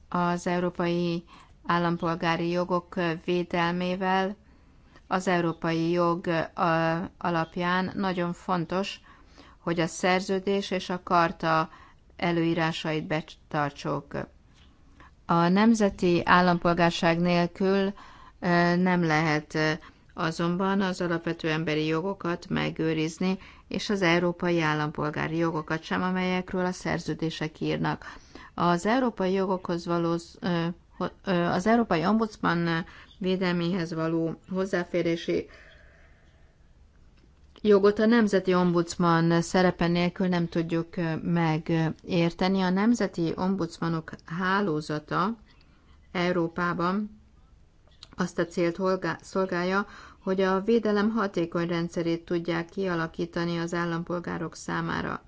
az európai állampolgári jogok védelmével az európai jog alapján nagyon fontos, hogy a szerződés és a karta előírásait betartsók. A nemzeti állampolgárság nélkül nem lehet azonban az alapvető emberi jogokat megőrizni, és az európai állampolgári jogokat sem, amelyekről a szerződések írnak. Az európai jogokhoz való, az európai ombudsman védelméhez való hozzáférési jogot a nemzeti ombudsman szerepe nélkül nem tudjuk megérteni. A nemzeti ombudsmanok hálózata Európában azt a célt szolgálja, hogy a védelem hatékony rendszerét tudják kialakítani az állampolgárok számára.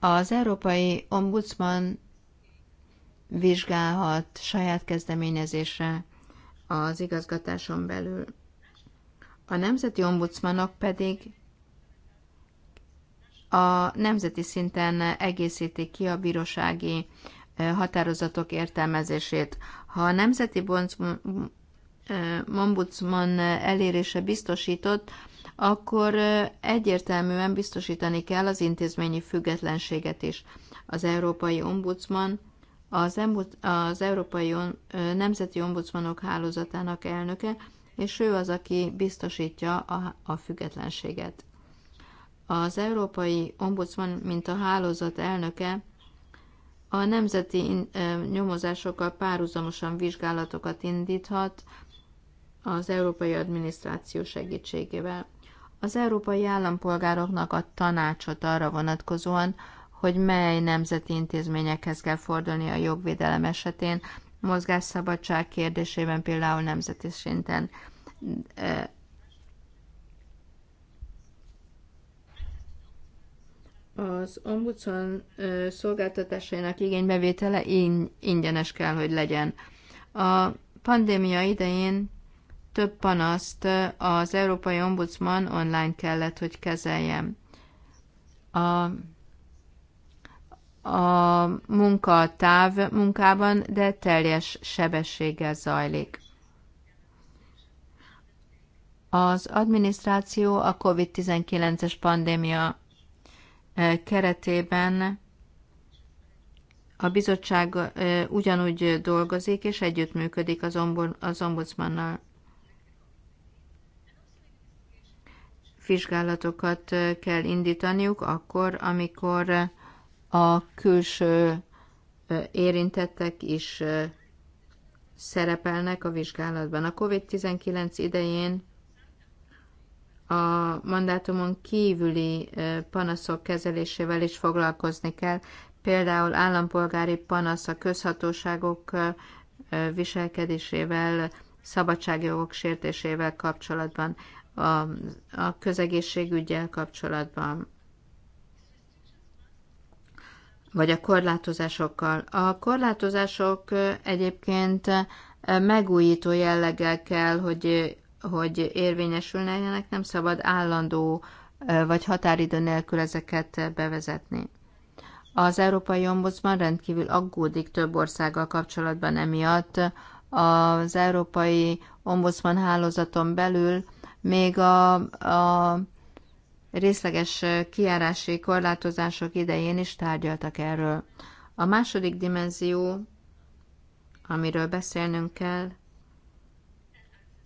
Az Európai Ombudsman vizsgálhat saját kezdeményezésre az igazgatáson belül. A nemzeti ombudsmanok pedig a nemzeti szinten egészítik ki a bírósági határozatok értelmezését. Ha a nemzeti ombudsman elérése biztosított, akkor egyértelműen biztosítani kell az intézményi függetlenséget is. Az Európai Ombudsman, az, az Európai Nemzeti Ombudsmanok Hálózatának elnöke, és ő az, aki biztosítja a, a függetlenséget. Az Európai Ombudsman, mint a hálózat elnöke, a nemzeti nyomozásokkal párhuzamosan vizsgálatokat indíthat az európai adminisztráció segítségével az európai állampolgároknak ad tanácsot arra vonatkozóan, hogy mely nemzeti intézményekhez kell fordulni a jogvédelem esetén, mozgásszabadság kérdésében például nemzeti szinten. Az ombudsman szolgáltatásainak igénybevétele ingyenes kell, hogy legyen. A pandémia idején több panaszt az Európai Ombudsman online kellett, hogy kezeljem. A, a munka táv munkában, de teljes sebességgel zajlik. Az adminisztráció a COVID-19-es pandémia e, keretében a bizottság e, ugyanúgy dolgozik és együttműködik az, ombud, az ombudsmannal. vizsgálatokat eh, kell indítaniuk akkor, amikor eh, a külső eh, érintettek is szerepelnek a vizsgálatban. A COVID-19 idején a mandátumon kívüli panaszok kezelésével is foglalkozni kell, például állampolgári panasz a közhatóságok viselkedésével, szabadságjogok sértésével kapcsolatban a, a közegészségügyel kapcsolatban, vagy a korlátozásokkal. A korlátozások egyébként megújító jelleggel kell, hogy, hogy érvényesülnek, nem szabad állandó vagy határidő nélkül ezeket bevezetni. Az Európai Ombudsman rendkívül aggódik több országgal kapcsolatban emiatt. Az Európai Ombudsman hálózaton belül még a, a részleges kiárási korlátozások idején is tárgyaltak erről. A második dimenzió, amiről beszélnünk kell,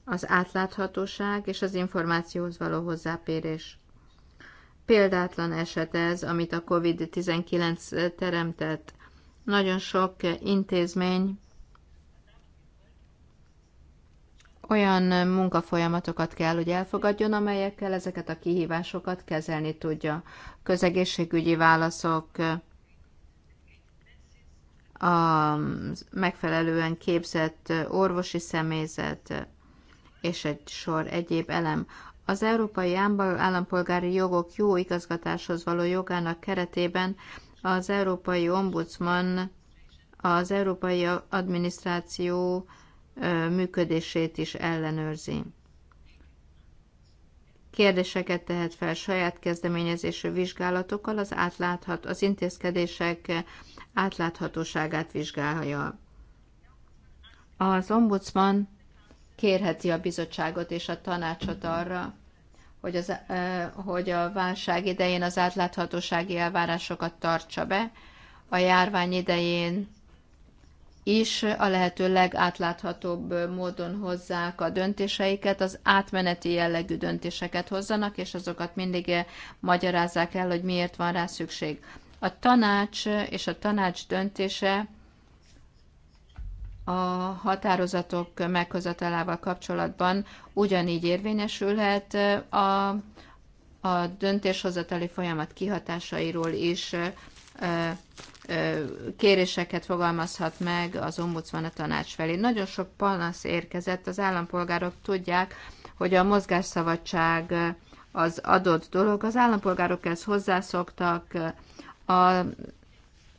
az átláthatóság és az információhoz való hozzáférés. Példátlan eset ez, amit a COVID-19 teremtett. Nagyon sok intézmény olyan munkafolyamatokat kell, hogy elfogadjon, amelyekkel ezeket a kihívásokat kezelni tudja. Közegészségügyi válaszok, a megfelelően képzett orvosi személyzet és egy sor egyéb elem. Az európai állampolgári jogok jó igazgatáshoz való jogának keretében az Európai Ombudsman az Európai Adminisztráció működését is ellenőrzi. Kérdéseket tehet fel saját kezdeményezésű vizsgálatokkal, az, átláthat, az intézkedések átláthatóságát vizsgálja. Az ombudsman kérheti a bizottságot és a tanácsot arra, hogy, az, hogy a válság idején az átláthatósági elvárásokat tartsa be, a járvány idején is a lehető legátláthatóbb módon hozzák a döntéseiket, az átmeneti jellegű döntéseket hozzanak, és azokat mindig magyarázzák el, hogy miért van rá szükség. A tanács és a tanács döntése a határozatok meghozatalával kapcsolatban ugyanígy érvényesülhet a, a döntéshozatali folyamat kihatásairól is kéréseket fogalmazhat meg az ombudsman a tanács felé. Nagyon sok panasz érkezett, az állampolgárok tudják, hogy a mozgásszabadság az adott dolog. Az állampolgárok ezt hozzászoktak, a,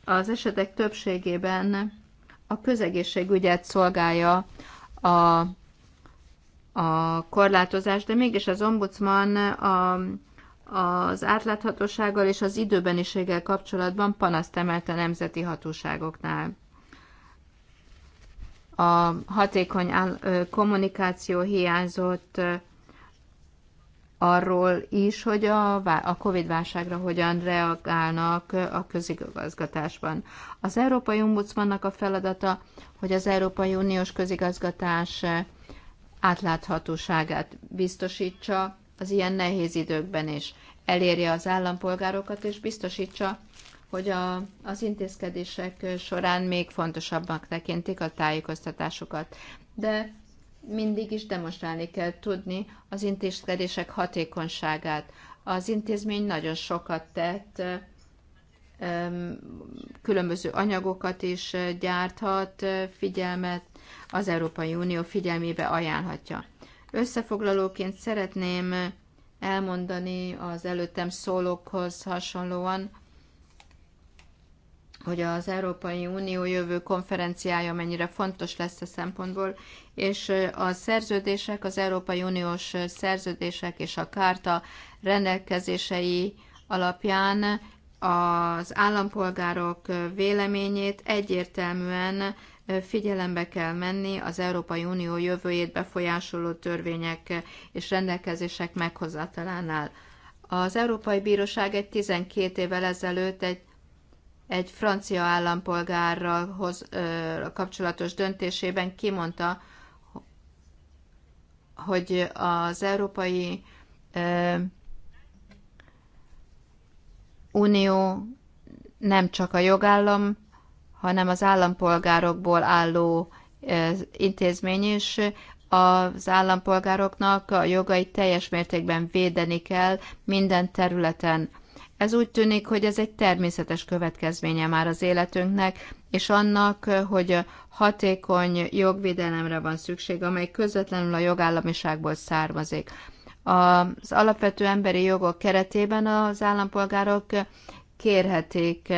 az esetek többségében a közegészségügyet szolgálja a, a korlátozás, de mégis az ombudsman a az átláthatósággal és az időbeniséggel kapcsolatban panaszt emelt a nemzeti hatóságoknál. A hatékony kommunikáció hiányzott arról is, hogy a, a COVID-válságra hogyan reagálnak a közigazgatásban. Az Európai Ombudsmannak a feladata, hogy az Európai Uniós közigazgatás átláthatóságát biztosítsa, az ilyen nehéz időkben is elérje az állampolgárokat, és biztosítsa, hogy a, az intézkedések során még fontosabbnak tekintik a tájékoztatásukat. De mindig is demonstrálni kell tudni az intézkedések hatékonyságát. Az intézmény nagyon sokat tett, különböző anyagokat is gyárthat, figyelmet az Európai Unió figyelmébe ajánlhatja. Összefoglalóként szeretném elmondani az előttem szólókhoz hasonlóan, hogy az Európai Unió jövő konferenciája mennyire fontos lesz a e szempontból, és a szerződések, az Európai Uniós szerződések és a kárta rendelkezései alapján az állampolgárok véleményét egyértelműen figyelembe kell menni az Európai Unió jövőjét befolyásoló törvények és rendelkezések meghozatalánál. Az Európai Bíróság egy 12 évvel ezelőtt egy egy francia állampolgárral hoz, ö, kapcsolatos döntésében kimondta, hogy az Európai ö, Unió nem csak a jogállam hanem az állampolgárokból álló intézmény is az állampolgároknak a jogait teljes mértékben védeni kell minden területen. Ez úgy tűnik, hogy ez egy természetes következménye már az életünknek, és annak, hogy hatékony jogvédelemre van szükség, amely közvetlenül a jogállamiságból származik. Az alapvető emberi jogok keretében az állampolgárok kérhetik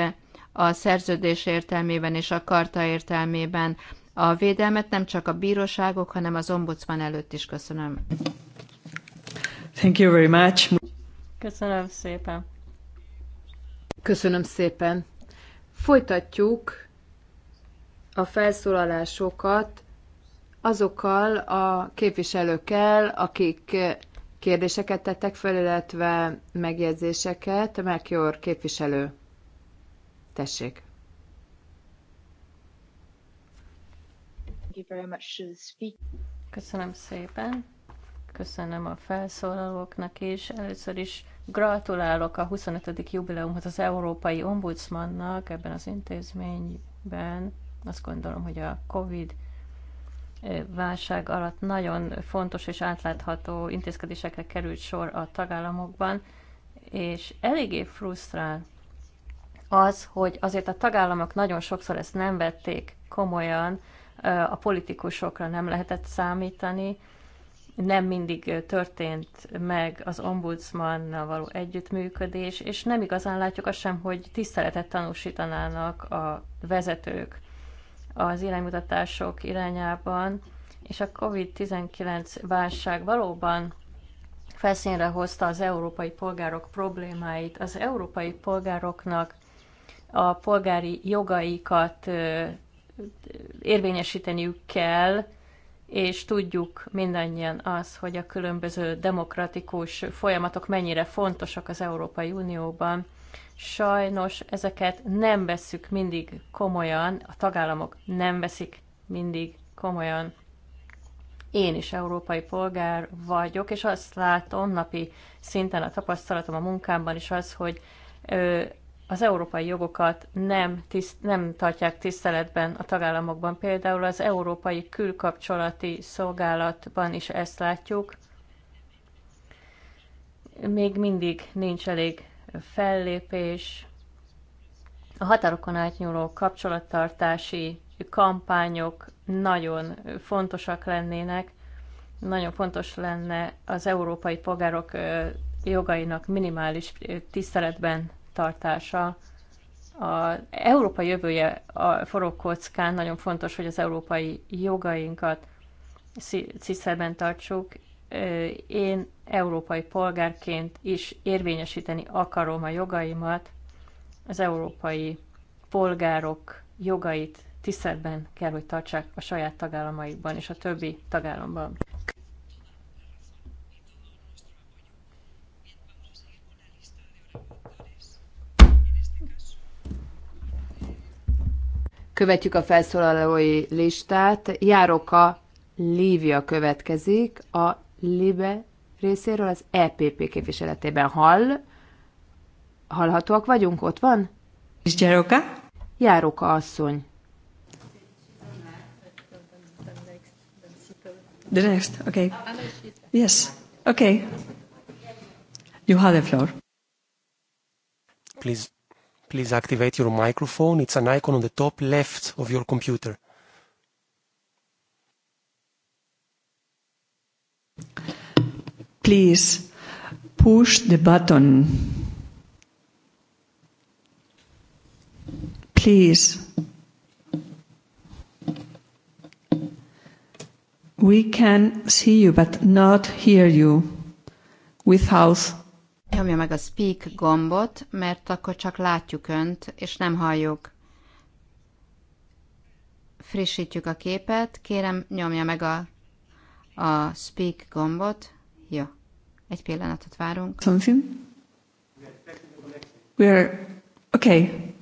a szerződés értelmében és a karta értelmében a védelmet nem csak a bíróságok, hanem az ombudsman előtt is köszönöm. Thank you very much. Köszönöm szépen. Köszönöm szépen. Folytatjuk a felszólalásokat azokkal a képviselőkkel, akik kérdéseket tettek fel, illetve megjegyzéseket. Melchior képviselő. Tessék. Köszönöm szépen. Köszönöm a felszólalóknak is. Először is gratulálok a 25. jubileumhoz az Európai Ombudsmannak ebben az intézményben. Azt gondolom, hogy a COVID válság alatt nagyon fontos és átlátható intézkedésekre került sor a tagállamokban, és eléggé frusztrál az, hogy azért a tagállamok nagyon sokszor ezt nem vették komolyan, a politikusokra nem lehetett számítani, nem mindig történt meg az ombudsmannal való együttműködés, és nem igazán látjuk azt sem, hogy tiszteletet tanúsítanának a vezetők az iránymutatások irányában, és a COVID-19 válság valóban felszínre hozta az európai polgárok problémáit. Az európai polgároknak a polgári jogaikat érvényesíteniük kell, és tudjuk mindannyian az, hogy a különböző demokratikus folyamatok mennyire fontosak az Európai Unióban. Sajnos ezeket nem veszük mindig komolyan, a tagállamok nem veszik mindig komolyan. Én is európai polgár vagyok, és azt látom napi szinten a tapasztalatom a munkámban is az, hogy az európai jogokat nem, tiszt, nem tartják tiszteletben a tagállamokban. Például az Európai Külkapcsolati Szolgálatban is ezt látjuk. Még mindig nincs elég fellépés. A határokon átnyúló kapcsolattartási kampányok nagyon fontosak lennének. Nagyon fontos lenne az európai polgárok jogainak minimális tiszteletben tartása az Európa jövője a forog kockán, nagyon fontos, hogy az európai jogainkat tisztelben tartsuk. Én európai polgárként is érvényesíteni akarom a jogaimat, az európai polgárok jogait tisztelben kell, hogy tartsák a saját tagállamaikban és a többi tagállamban. Követjük a felszólalói listát. Jároka Lívia következik a Libe részéről az EPP képviseletében. Hall? Hallhatóak vagyunk? Ott van? És Jároka? Jároka asszony. The next, okay. Yes, okay. You have the floor. Please Please activate your microphone. It's an icon on the top left of your computer. Please push the button. Please. We can see you but not hear you without nyomja meg a speak gombot, mert akkor csak látjuk önt, és nem halljuk. Frissítjük a képet, kérem nyomja meg a, a speak gombot. Jó, egy pillanatot várunk. Something? We're okay.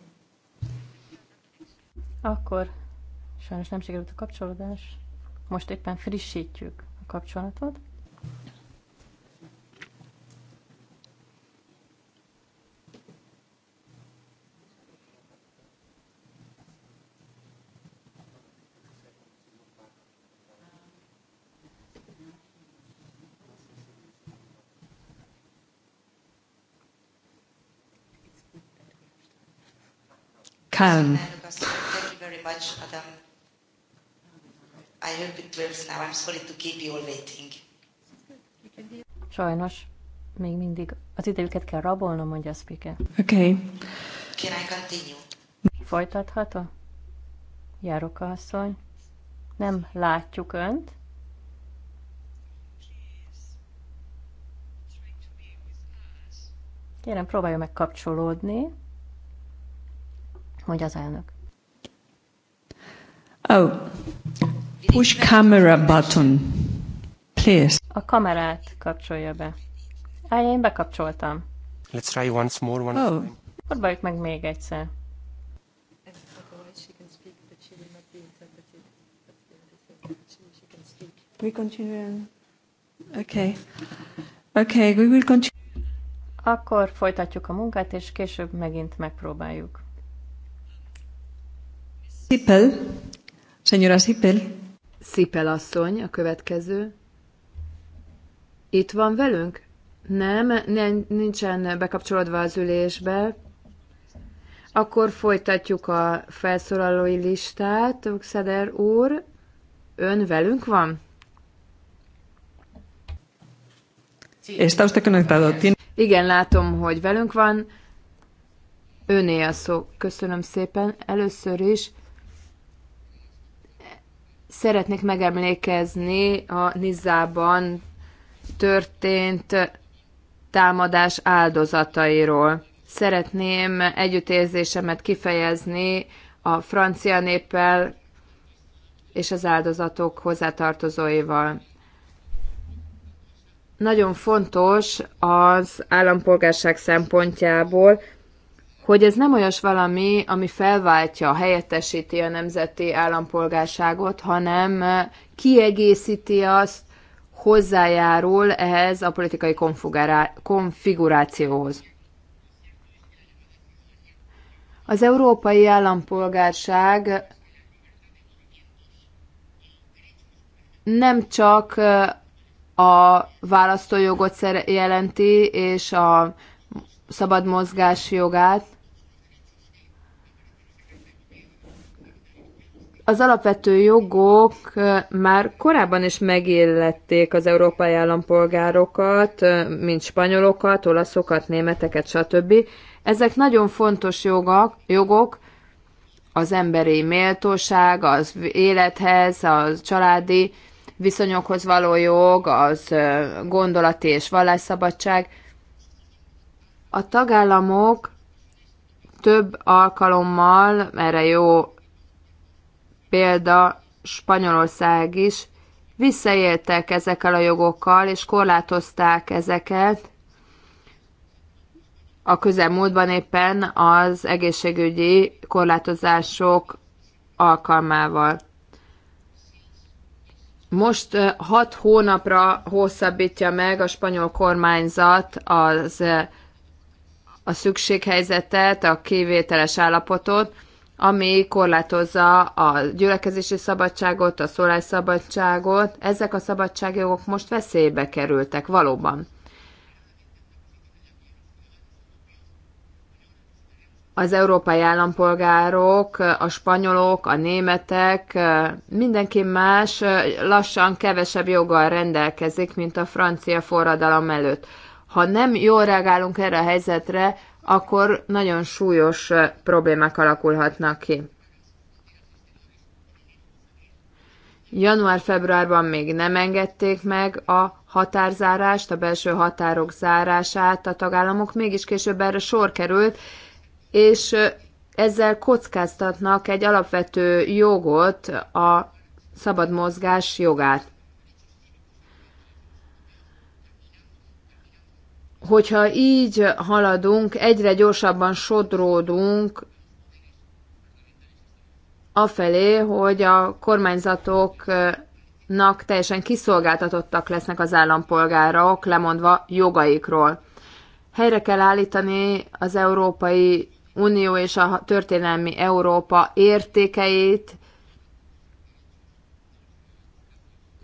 Akkor sajnos nem sikerült a kapcsolódás. Most éppen frissítjük a kapcsolatot. calm. Sajnos, még mindig az időket kell rabolnom, mondja a speaker. Okay. Can I continue? Folytatható? Járok a asszony. Nem látjuk önt. Kérem, próbálja meg kapcsolódni mondja az elnök. Oh, push camera button, please. A kamerát kapcsolja be. Á, én bekapcsoltam. Let's try once more, one oh. Próbáljuk meg még egyszer. We continue. Okay. Okay, we will continue. Akkor folytatjuk a munkát, és később megint megpróbáljuk. Sipel, senyora Sipel. Sipel asszony, a következő. Itt van velünk? Nem, nincsen bekapcsolódva az ülésbe. Akkor folytatjuk a felszólalói listát. Szeder úr, ön velünk van? Está usted conectado. Igen, látom, hogy velünk van. Öné a szó. Köszönöm szépen. Először is szeretnék megemlékezni a Nizában történt támadás áldozatairól. Szeretném együttérzésemet kifejezni a francia néppel és az áldozatok hozzátartozóival. Nagyon fontos az állampolgárság szempontjából, hogy ez nem olyas valami, ami felváltja, helyettesíti a nemzeti állampolgárságot, hanem kiegészíti azt, hozzájárul ehhez a politikai konfigurációhoz. Az európai állampolgárság nem csak a választójogot jelenti, és a szabad mozgás jogát, az alapvető jogok már korábban is megillették az európai állampolgárokat, mint spanyolokat, olaszokat, németeket, stb. Ezek nagyon fontos jogak, jogok, az emberi méltóság, az élethez, a családi viszonyokhoz való jog, az gondolati és vallásszabadság. A tagállamok több alkalommal, erre jó példa Spanyolország is, visszaéltek ezekkel a jogokkal, és korlátozták ezeket. A közelmúltban éppen az egészségügyi korlátozások alkalmával. Most hat hónapra hosszabbítja meg a spanyol kormányzat az, a szükséghelyzetet, a kivételes állapotot, ami korlátozza a gyülekezési szabadságot, a szólásszabadságot. Ezek a szabadságjogok most veszélybe kerültek valóban. az európai állampolgárok, a spanyolok, a németek, mindenki más lassan kevesebb joggal rendelkezik, mint a francia forradalom előtt. Ha nem jól reagálunk erre a helyzetre, akkor nagyon súlyos eh, problémák alakulhatnak ki. Január-februárban még nem engedték meg a határzárást, a belső határok zárását a tagállamok, mégis később erre sor került, és eh, ezzel kockáztatnak egy alapvető jogot, a szabad mozgás jogát. hogyha így haladunk, egyre gyorsabban sodródunk afelé, hogy a kormányzatoknak teljesen kiszolgáltatottak lesznek az állampolgárok, lemondva jogaikról. Helyre kell állítani az Európai Unió és a történelmi Európa értékeit.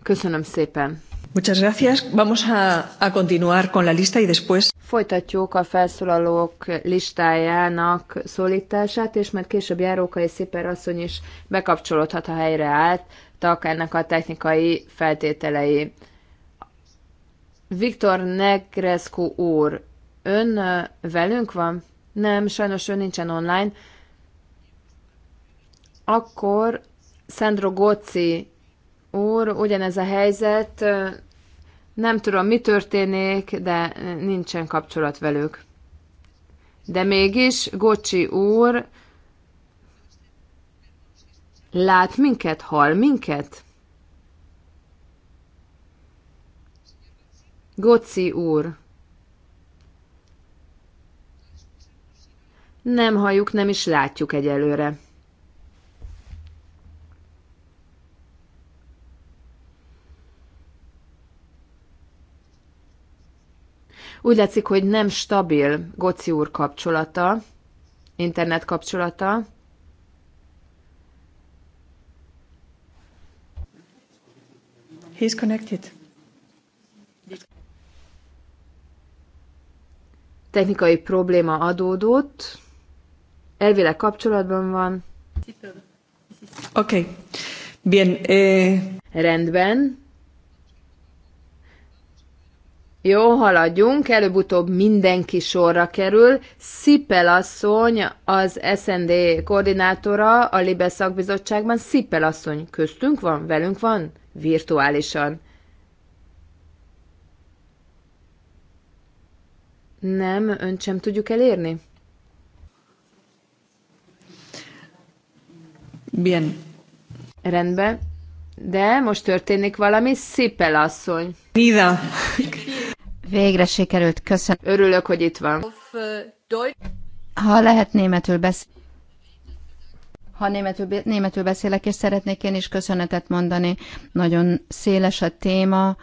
Köszönöm szépen! Muchas gracias. Vamos a, a continuar con la lista y después... Folytatjuk a felszólalók listájának szólítását, és majd később járókai Sziper asszony is bekapcsolódhat, ha helyre állt, ennek a technikai feltételei. Viktor Negrescu úr, ön velünk van? Nem, sajnos ő nincsen online. Akkor Sandro Gocci úr, ugyanez a helyzet, nem tudom, mi történik, de nincsen kapcsolat velük. De mégis Gocsi úr lát minket, hall minket? Gocsi úr. Nem halljuk, nem is látjuk egyelőre. Úgy látszik, hogy nem stabil Goci úr kapcsolata, internet kapcsolata. He's connected. Technikai probléma adódott. Elvileg kapcsolatban van. Oké. Okay. Bien. Eh... Rendben. Jó, haladjunk, előbb-utóbb mindenki sorra kerül. Szipel asszony, az SND koordinátora a Libe szakbizottságban. Szipel asszony, köztünk van, velünk van? Virtuálisan. Nem, önt sem tudjuk elérni. Bien. Rendben. De most történik valami, Szipel asszony. Nida. Végre sikerült, köszönöm. Örülök, hogy itt van. Ha lehet németül beszélni. Ha németül, németül beszélek, és szeretnék én is köszönetet mondani, nagyon széles a téma,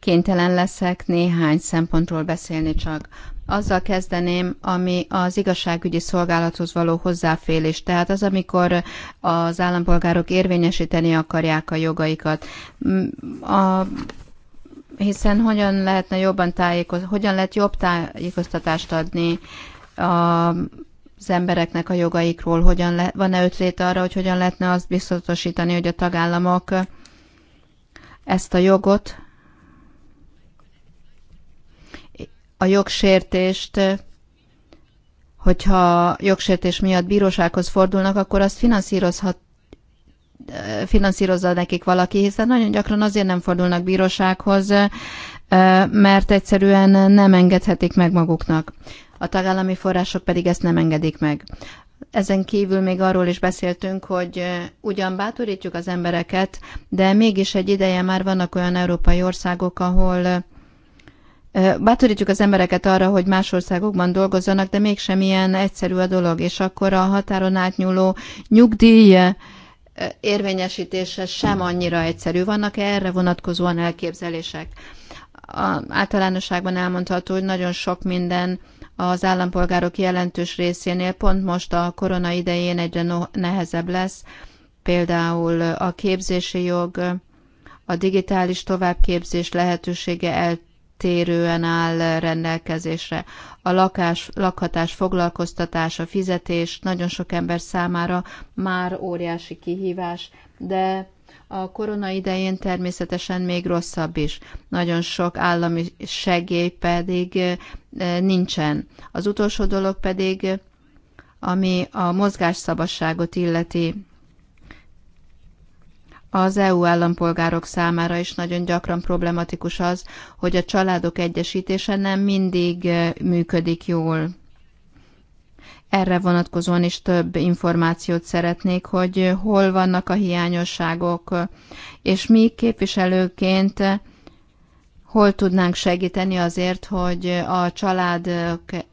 kénytelen leszek néhány szempontról beszélni csak. Azzal kezdeném, ami az igazságügyi szolgálathoz való hozzáférés, tehát az, amikor az állampolgárok érvényesíteni akarják a jogaikat. A hiszen hogyan lehetne jobban tájékoz, hogyan lehet jobb tájékoztatást adni a, az embereknek a jogaikról, hogyan le, van-e ötlét arra, hogy hogyan lehetne azt biztosítani, hogy a tagállamok ezt a jogot, a jogsértést, hogyha jogsértés miatt bírósághoz fordulnak, akkor azt finanszírozhat, finanszírozza nekik valaki, hiszen nagyon gyakran azért nem fordulnak bírósághoz, mert egyszerűen nem engedhetik meg maguknak. A tagállami források pedig ezt nem engedik meg. Ezen kívül még arról is beszéltünk, hogy ugyan bátorítjuk az embereket, de mégis egy ideje már vannak olyan európai országok, ahol bátorítjuk az embereket arra, hogy más országokban dolgozzanak, de mégsem ilyen egyszerű a dolog, és akkor a határon átnyúló nyugdíj érvényesítése sem annyira egyszerű. Vannak -e erre vonatkozóan elképzelések? A, általánosságban elmondható, hogy nagyon sok minden az állampolgárok jelentős részénél pont most a korona idején egyre nehezebb lesz, például a képzési jog, a digitális továbbképzés lehetősége el, eltérően áll rendelkezésre. A lakás, lakhatás foglalkoztatás a fizetés nagyon sok ember számára már óriási kihívás, de a korona idején természetesen még rosszabb is. Nagyon sok állami segély pedig eh, nincsen. Az utolsó dolog pedig, ami a mozgásszabadságot illeti, az EU állampolgárok számára is nagyon gyakran problematikus az, hogy a családok egyesítése nem mindig működik jól. Erre vonatkozóan is több információt szeretnék, hogy hol vannak a hiányosságok, és mi képviselőként hol tudnánk segíteni azért, hogy a család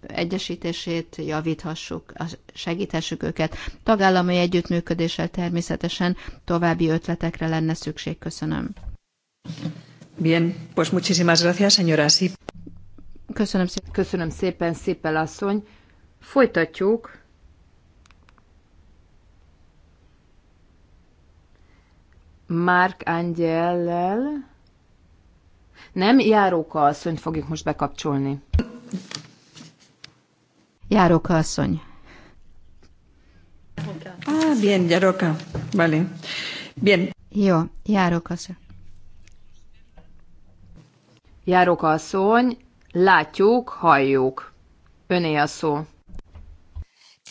egyesítését javíthassuk, segíthessük őket. Tagállami együttműködéssel természetesen további ötletekre lenne szükség. Köszönöm. Bien, pues muchísimas gracias, señora Sip. Köszönöm szépen. Köszönöm szépen, szépen asszony. Folytatjuk. Mark Angellel nem, Járóka asszonyt fogjuk most bekapcsolni. Járóka asszony. Ah, bien, Járóka. Vale. Bien. Jó, Járóka asszony. Járóka asszony, látjuk, halljuk. Öné a szó.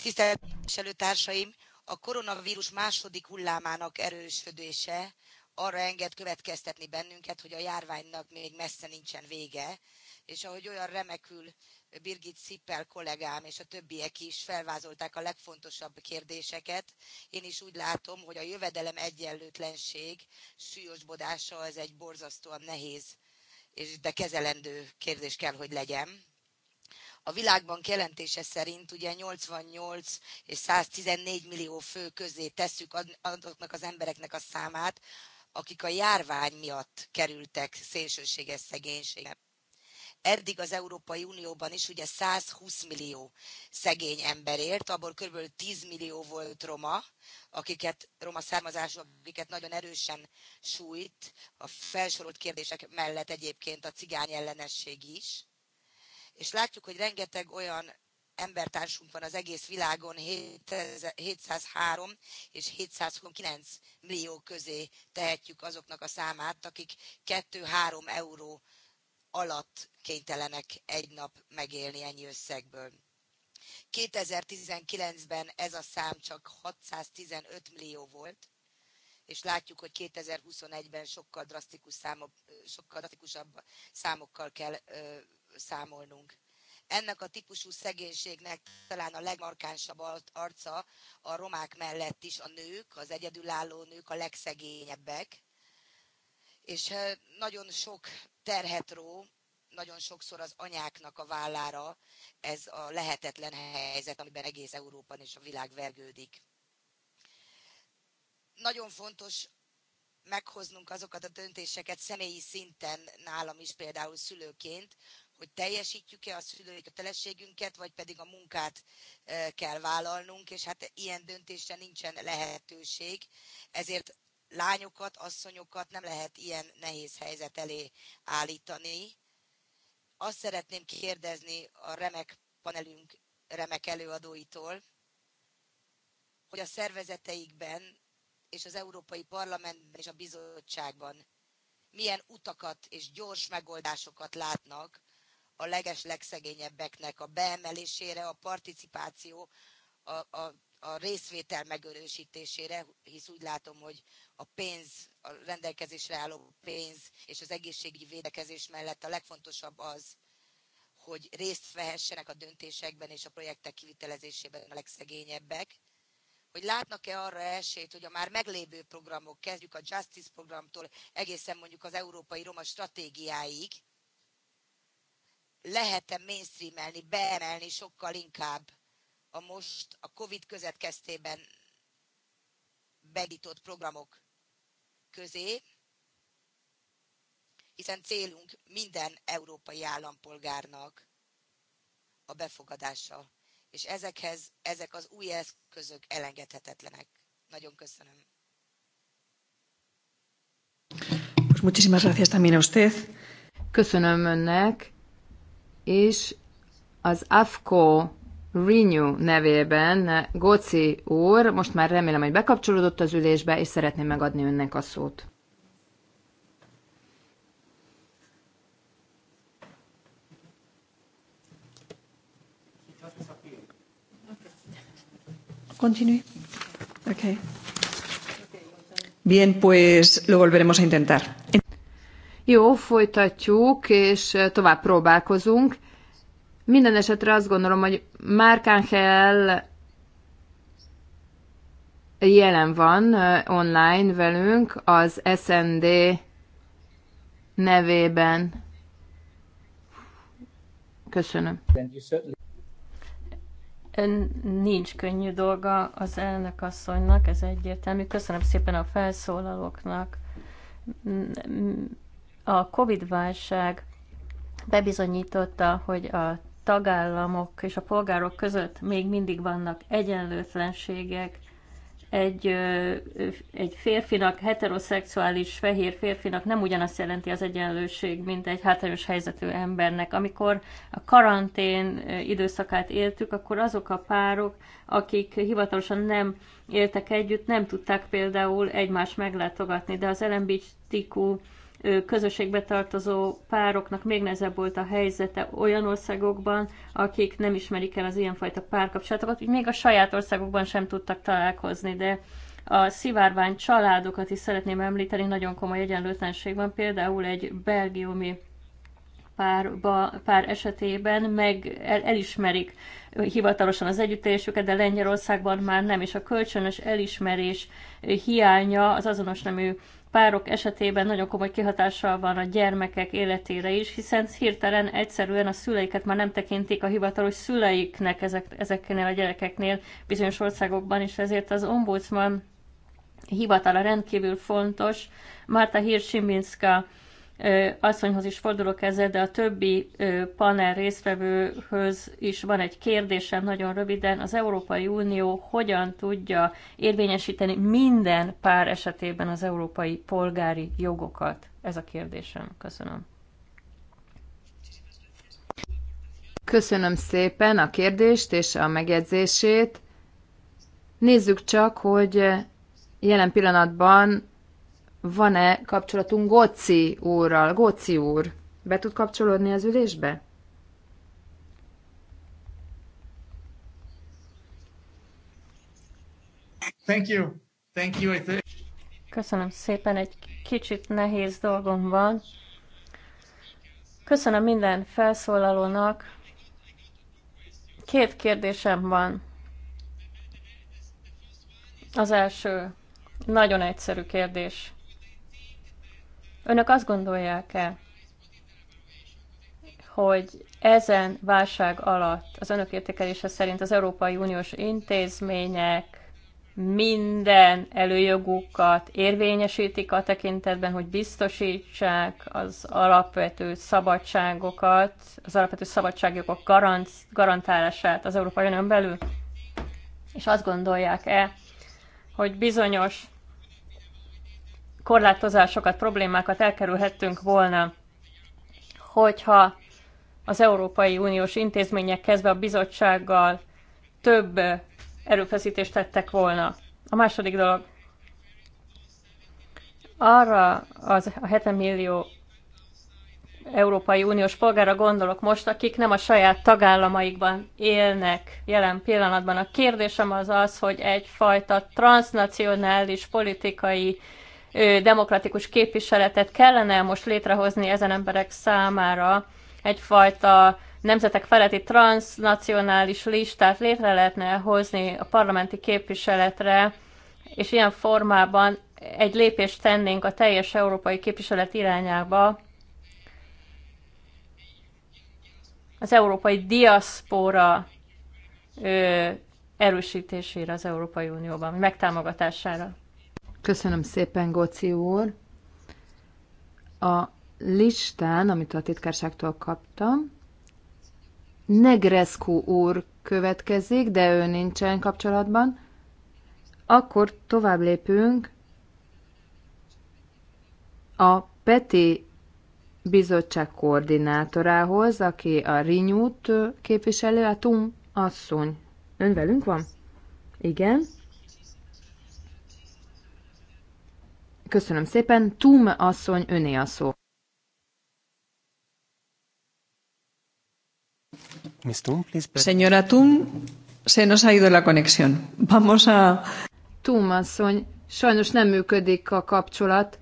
Tisztelt képviselőtársaim, a koronavírus második hullámának erősödése arra enged következtetni bennünket, hogy a járványnak még messze nincsen vége, és ahogy olyan remekül Birgit Szippel kollégám és a többiek is felvázolták a legfontosabb kérdéseket, én is úgy látom, hogy a jövedelem egyenlőtlenség súlyosbodása az egy borzasztóan nehéz, és de kezelendő kérdés kell, hogy legyen. A világban jelentése szerint ugye 88 és 114 millió fő közé tesszük azoknak az embereknek a számát, akik a járvány miatt kerültek szélsőséges szegénységbe. Eddig az Európai Unióban is ugye 120 millió szegény ember élt, abból kb. 10 millió volt roma, akiket, roma származású, akiket nagyon erősen sújt a felsorolt kérdések mellett egyébként a cigány ellenesség is. És látjuk, hogy rengeteg olyan embertársunk van az egész világon 703 és 729 millió közé tehetjük azoknak a számát, akik 2-3 euró alatt kénytelenek egy nap megélni ennyi összegből. 2019-ben ez a szám csak 615 millió volt, és látjuk, hogy 2021-ben sokkal, drasztikus számok, sokkal drasztikusabb számokkal kell ö, számolnunk ennek a típusú szegénységnek talán a legmarkánsabb arca a romák mellett is a nők, az egyedülálló nők, a legszegényebbek. És nagyon sok terhet ró, nagyon sokszor az anyáknak a vállára ez a lehetetlen helyzet, amiben egész Európán és a világ vergődik. Nagyon fontos meghoznunk azokat a döntéseket személyi szinten, nálam is például szülőként, hogy teljesítjük-e a szülői kötelességünket, vagy pedig a munkát kell vállalnunk, és hát ilyen döntésre nincsen lehetőség, ezért lányokat, asszonyokat nem lehet ilyen nehéz helyzet elé állítani. Azt szeretném kérdezni a remek panelünk remek előadóitól, hogy a szervezeteikben és az Európai Parlamentben és a bizottságban milyen utakat és gyors megoldásokat látnak a leges legszegényebbeknek a beemelésére, a participáció, a, a, a részvétel megörősítésére, hisz úgy látom, hogy a pénz, a rendelkezésre álló pénz és az egészségügyi védekezés mellett a legfontosabb az, hogy részt vehessenek a döntésekben és a projektek kivitelezésében a legszegényebbek, hogy látnak-e arra esélyt, hogy a már meglévő programok, kezdjük a Justice programtól egészen mondjuk az Európai Roma Stratégiáig, lehet-e mainstreamelni, beemelni sokkal inkább a most a Covid közetkeztében begított programok közé, hiszen célunk minden európai állampolgárnak a befogadása. És ezekhez, ezek az új eszközök elengedhetetlenek. Nagyon köszönöm. Pues muchísimas gracias también a usted. Köszönöm önnek és az AFCO Renew nevében Goci úr, most már remélem, hogy bekapcsolódott az ülésbe, és szeretném megadni önnek a szót. Continue. Okay. Bien, pues lo volveremos a intentar. Jó, folytatjuk, és eh, tovább próbálkozunk. Minden esetre azt gondolom, hogy Mark Angel jelen van eh, online velünk az SND nevében. Köszönöm. Ön nincs könnyű dolga az elnök asszonynak, ez egyértelmű. Köszönöm szépen a felszólalóknak a COVID-válság bebizonyította, hogy a tagállamok és a polgárok között még mindig vannak egyenlőtlenségek. Egy, egy férfinak, heteroszexuális fehér férfinak nem ugyanazt jelenti az egyenlőség, mint egy hátrányos helyzetű embernek. Amikor a karantén időszakát éltük, akkor azok a párok, akik hivatalosan nem éltek együtt, nem tudták például egymást meglátogatni, de az LMBTQ közösségbe tartozó pároknak még nehezebb volt a helyzete olyan országokban, akik nem ismerik el az ilyenfajta párkapcsolatokat, úgy még a saját országokban sem tudtak találkozni, de a szivárvány családokat is szeretném említeni, nagyon komoly egyenlőtlenség van, például egy belgiumi párba, pár esetében meg el, elismerik hivatalosan az együttélésüket, de Lengyelországban már nem, és a kölcsönös elismerés hiánya az azonos nemű párok esetében nagyon komoly kihatással van a gyermekek életére is, hiszen hirtelen egyszerűen a szüleiket már nem tekintik a hivatalos szüleiknek ezek, ezeknél a gyerekeknél bizonyos országokban, és ezért az ombudsman hivatala rendkívül fontos. Marta Hirsiminska asszonyhoz is fordulok ezzel, de a többi panel résztvevőhöz is van egy kérdésem nagyon röviden. Az Európai Unió hogyan tudja érvényesíteni minden pár esetében az európai polgári jogokat? Ez a kérdésem. Köszönöm. Köszönöm szépen a kérdést és a megjegyzését. Nézzük csak, hogy jelen pillanatban van-e kapcsolatunk Góci úrral? Góci úr, be tud kapcsolódni az ülésbe? Thank you. Thank you. Köszönöm szépen, egy kicsit nehéz dolgom van. Köszönöm minden felszólalónak. Két kérdésem van. Az első nagyon egyszerű kérdés. Önök azt gondolják-e, hogy ezen válság alatt az önök értékelése szerint az Európai Uniós intézmények minden előjogukat érvényesítik a tekintetben, hogy biztosítsák az alapvető szabadságokat, az alapvető szabadságjogok garant, garantálását az Európai Unión belül? És azt gondolják-e, hogy bizonyos korlátozásokat, problémákat elkerülhettünk volna, hogyha az Európai Uniós intézmények kezdve a bizottsággal több erőfeszítést tettek volna. A második dolog, arra az a 7 millió Európai Uniós polgára gondolok most, akik nem a saját tagállamaikban élnek jelen pillanatban. A kérdésem az az, hogy egyfajta transnacionális politikai demokratikus képviseletet kellene most létrehozni ezen emberek számára egyfajta nemzetek feletti transnacionális listát létre lehetne hozni a parlamenti képviseletre, és ilyen formában egy lépést tennénk a teljes európai képviselet irányába, az európai diaszpora ö, erősítésére az Európai Unióban, megtámogatására. Köszönöm szépen, Góci úr. A listán, amit a titkárságtól kaptam, Negreszkó úr következik, de ő nincsen kapcsolatban. Akkor tovább lépünk a Peti bizottság koordinátorához, aki a Rinyút képviselő, a Tum asszony. Ön velünk van? Igen. Köszönöm szépen. Tum asszony, öné a szó. Tum, please, Señora Tum, se nos ha ido la conexión. Vamos a... Tum asszony, sajnos nem működik a kapcsolat.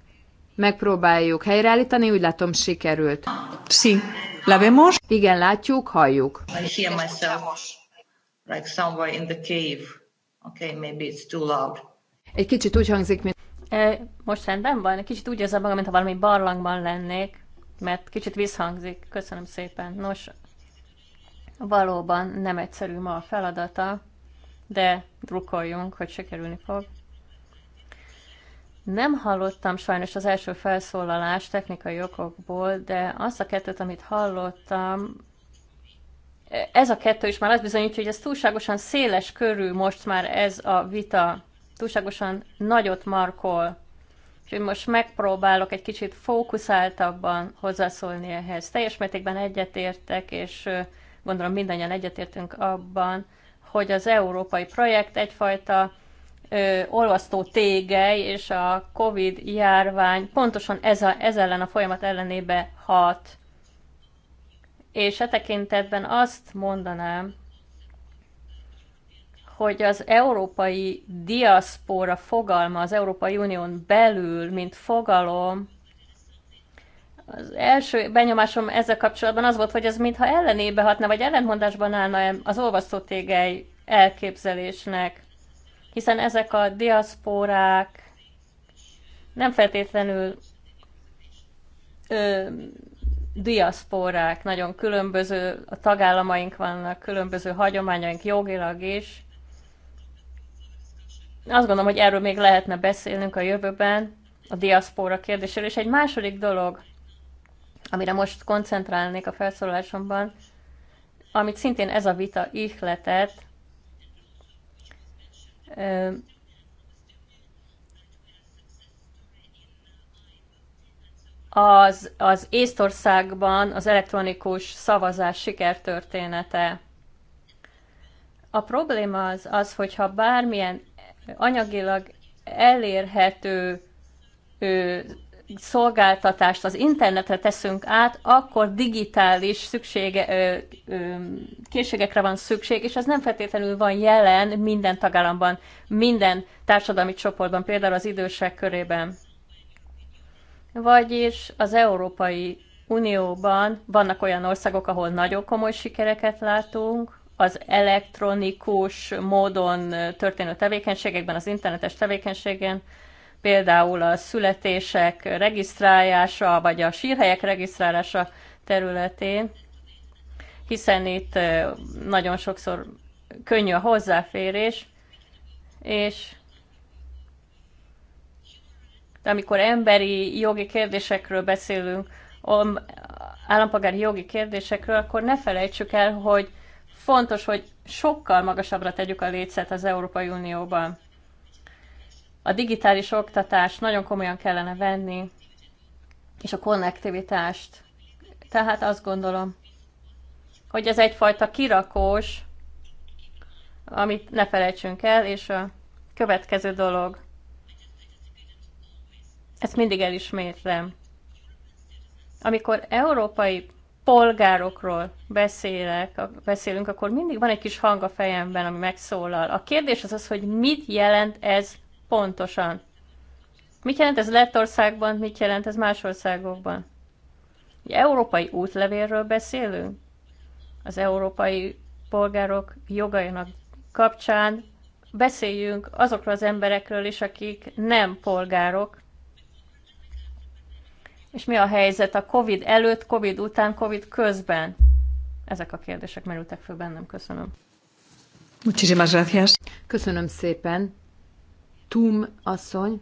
Megpróbáljuk helyreállítani, úgy látom sikerült. Sí. La vemos? Igen, látjuk, halljuk. I hear myself like somewhere in the cave. Okay, maybe it's too loud. Egy kicsit úgy hangzik, mint most rendben van? Kicsit úgy érzem magam, mintha valami barlangban lennék, mert kicsit visszhangzik. Köszönöm szépen. Nos, valóban nem egyszerű ma a feladata, de drukoljunk, hogy sikerülni fog. Nem hallottam sajnos az első felszólalást technikai okokból, de azt a kettőt, amit hallottam, ez a kettő is már azt bizonyítja, hogy ez túlságosan széles körül most már ez a vita túlságosan nagyot markol. én most megpróbálok egy kicsit fókuszáltabban hozzászólni ehhez. Teljes mértékben egyetértek, és gondolom mindannyian egyetértünk abban, hogy az európai projekt egyfajta ö, olvasztó tégely, és a COVID járvány pontosan ez, a, ez ellen a folyamat ellenébe hat. És e tekintetben azt mondanám, hogy az európai diaszpora fogalma az Európai Unión belül, mint fogalom, az első benyomásom ezzel kapcsolatban az volt, hogy ez mintha ellenébe hatna, vagy ellentmondásban állna -e az olvasztótégely elképzelésnek, hiszen ezek a diaszpórák nem feltétlenül ö, diaszporák, nagyon különböző, a tagállamaink vannak, különböző hagyományaink jogilag is, azt gondolom, hogy erről még lehetne beszélnünk a jövőben, a diaszpóra kérdéséről. És egy második dolog, amire most koncentrálnék a felszólalásomban, amit szintén ez a vita ihletet, az, az Észtországban az elektronikus szavazás sikertörténete. A probléma az, az hogyha bármilyen anyagilag elérhető ö, szolgáltatást az internetre teszünk át, akkor digitális szüksége, ö, ö, készségekre van szükség, és ez nem feltétlenül van jelen minden tagállamban, minden társadalmi csoportban, például az idősek körében. Vagyis az Európai Unióban vannak olyan országok, ahol nagyon komoly sikereket látunk, az elektronikus módon történő tevékenységekben, az internetes tevékenységen, például a születések regisztrálása, vagy a sírhelyek regisztrálása területén, hiszen itt nagyon sokszor könnyű a hozzáférés, és de amikor emberi jogi kérdésekről beszélünk, állampolgári jogi kérdésekről, akkor ne felejtsük el, hogy fontos, hogy sokkal magasabbra tegyük a létszet az Európai Unióban. A digitális oktatást nagyon komolyan kellene venni, és a konnektivitást. Tehát azt gondolom, hogy ez egyfajta kirakós, amit ne felejtsünk el, és a következő dolog, ezt mindig elismétlem. Amikor európai polgárokról beszélek, beszélünk, akkor mindig van egy kis hang a fejemben, ami megszólal. A kérdés az az, hogy mit jelent ez pontosan. Mit jelent ez Lettországban, mit jelent ez más országokban? Egy európai útlevélről beszélünk? Az európai polgárok jogainak kapcsán beszéljünk azokról az emberekről is, akik nem polgárok, és mi a helyzet a COVID előtt, COVID után, COVID közben? Ezek a kérdések merültek föl bennem. Köszönöm. Muchísimas gracias. Köszönöm szépen. Tum asszony.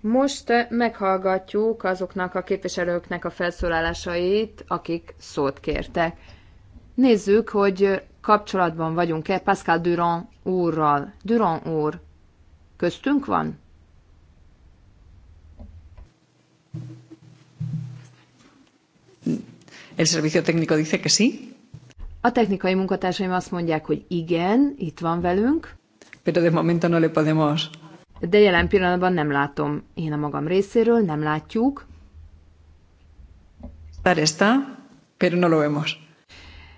Most meghallgatjuk azoknak a képviselőknek a felszólalásait, akik szót kértek. Nézzük, hogy kapcsolatban vagyunk-e Pascal Durand úrral. Durand úr, köztünk van? El servicio técnico dice que sí. A technikai munkatársaim azt mondják, hogy igen, itt van velünk. Pero de momento no le podemos. De jelen pillanatban nem látom. Én a magam részéről nem látjuk. Estar está, pero no lo vemos.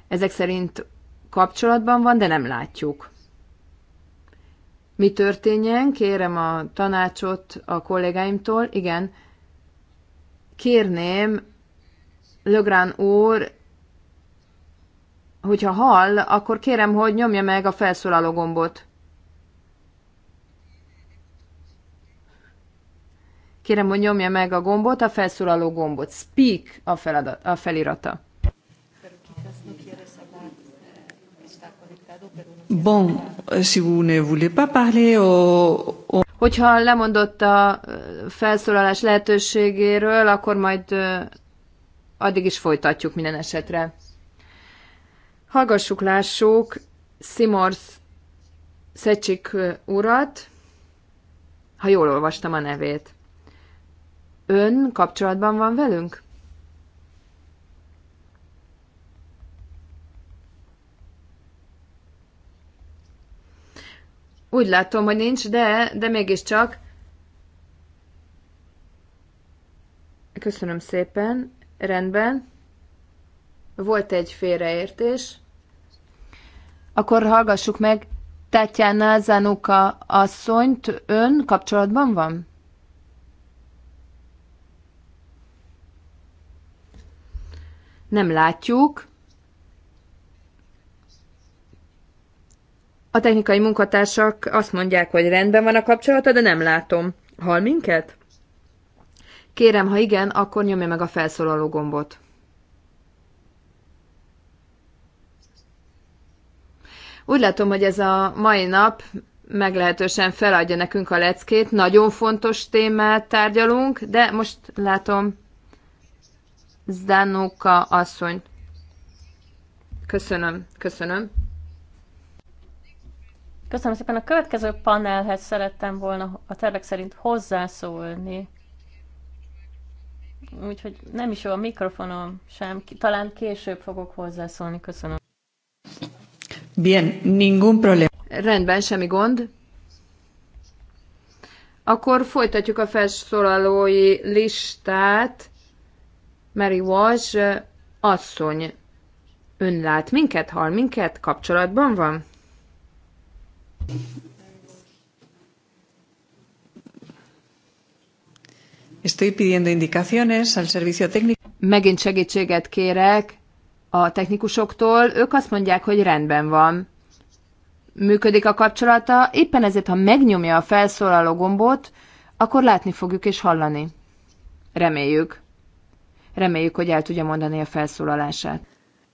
Ezek szerint kapcsolatban van, de nem látjuk. Mi történjen? Kérem a tanácsot a kollégáimtól. Igen, kérném Lögrán úr, hogyha hall, akkor kérem, hogy nyomja meg a felszólaló gombot. Kérem, hogy nyomja meg a gombot, a felszólaló gombot. Speak a, feladat, a felirata. Bon, si vous ne voulez pas parler au, au... Hogyha lemondott a felszólalás lehetőségéről, akkor majd addig is folytatjuk minden esetre. Hallgassuk, lássuk Simorsz Szecsik urat, ha jól olvastam a nevét. Ön kapcsolatban van velünk? Úgy látom, hogy nincs, de, de mégiscsak. Köszönöm szépen. Rendben. Volt egy félreértés. Akkor hallgassuk meg Tatjana Zanuka asszonyt. Ön kapcsolatban van? Nem látjuk. A technikai munkatársak azt mondják, hogy rendben van a kapcsolata, de nem látom. Hal minket? Kérem, ha igen, akkor nyomja meg a felszólaló gombot. Úgy látom, hogy ez a mai nap meglehetősen feladja nekünk a leckét. Nagyon fontos témát tárgyalunk, de most látom Zdanuka asszony. Köszönöm, köszönöm. Köszönöm szépen. A következő panelhez szerettem volna a tervek szerint hozzászólni úgyhogy nem is jó a mikrofonom sem, talán később fogok hozzászólni, köszönöm. Bien, ningún problema. Rendben, semmi gond. Akkor folytatjuk a felszólalói listát. Mary Walsh asszony. Ön lát minket, hal minket, kapcsolatban van? Estoy pidiendo indicaciones al servicio técnico. Megint segítséget kérek a technikusoktól. Ők azt mondják, hogy rendben van. Működik a kapcsolata, éppen ezért, ha megnyomja a felszólaló gombot, akkor látni fogjuk és hallani. Reméljük. Reméljük, hogy el tudja mondani a felszólalását.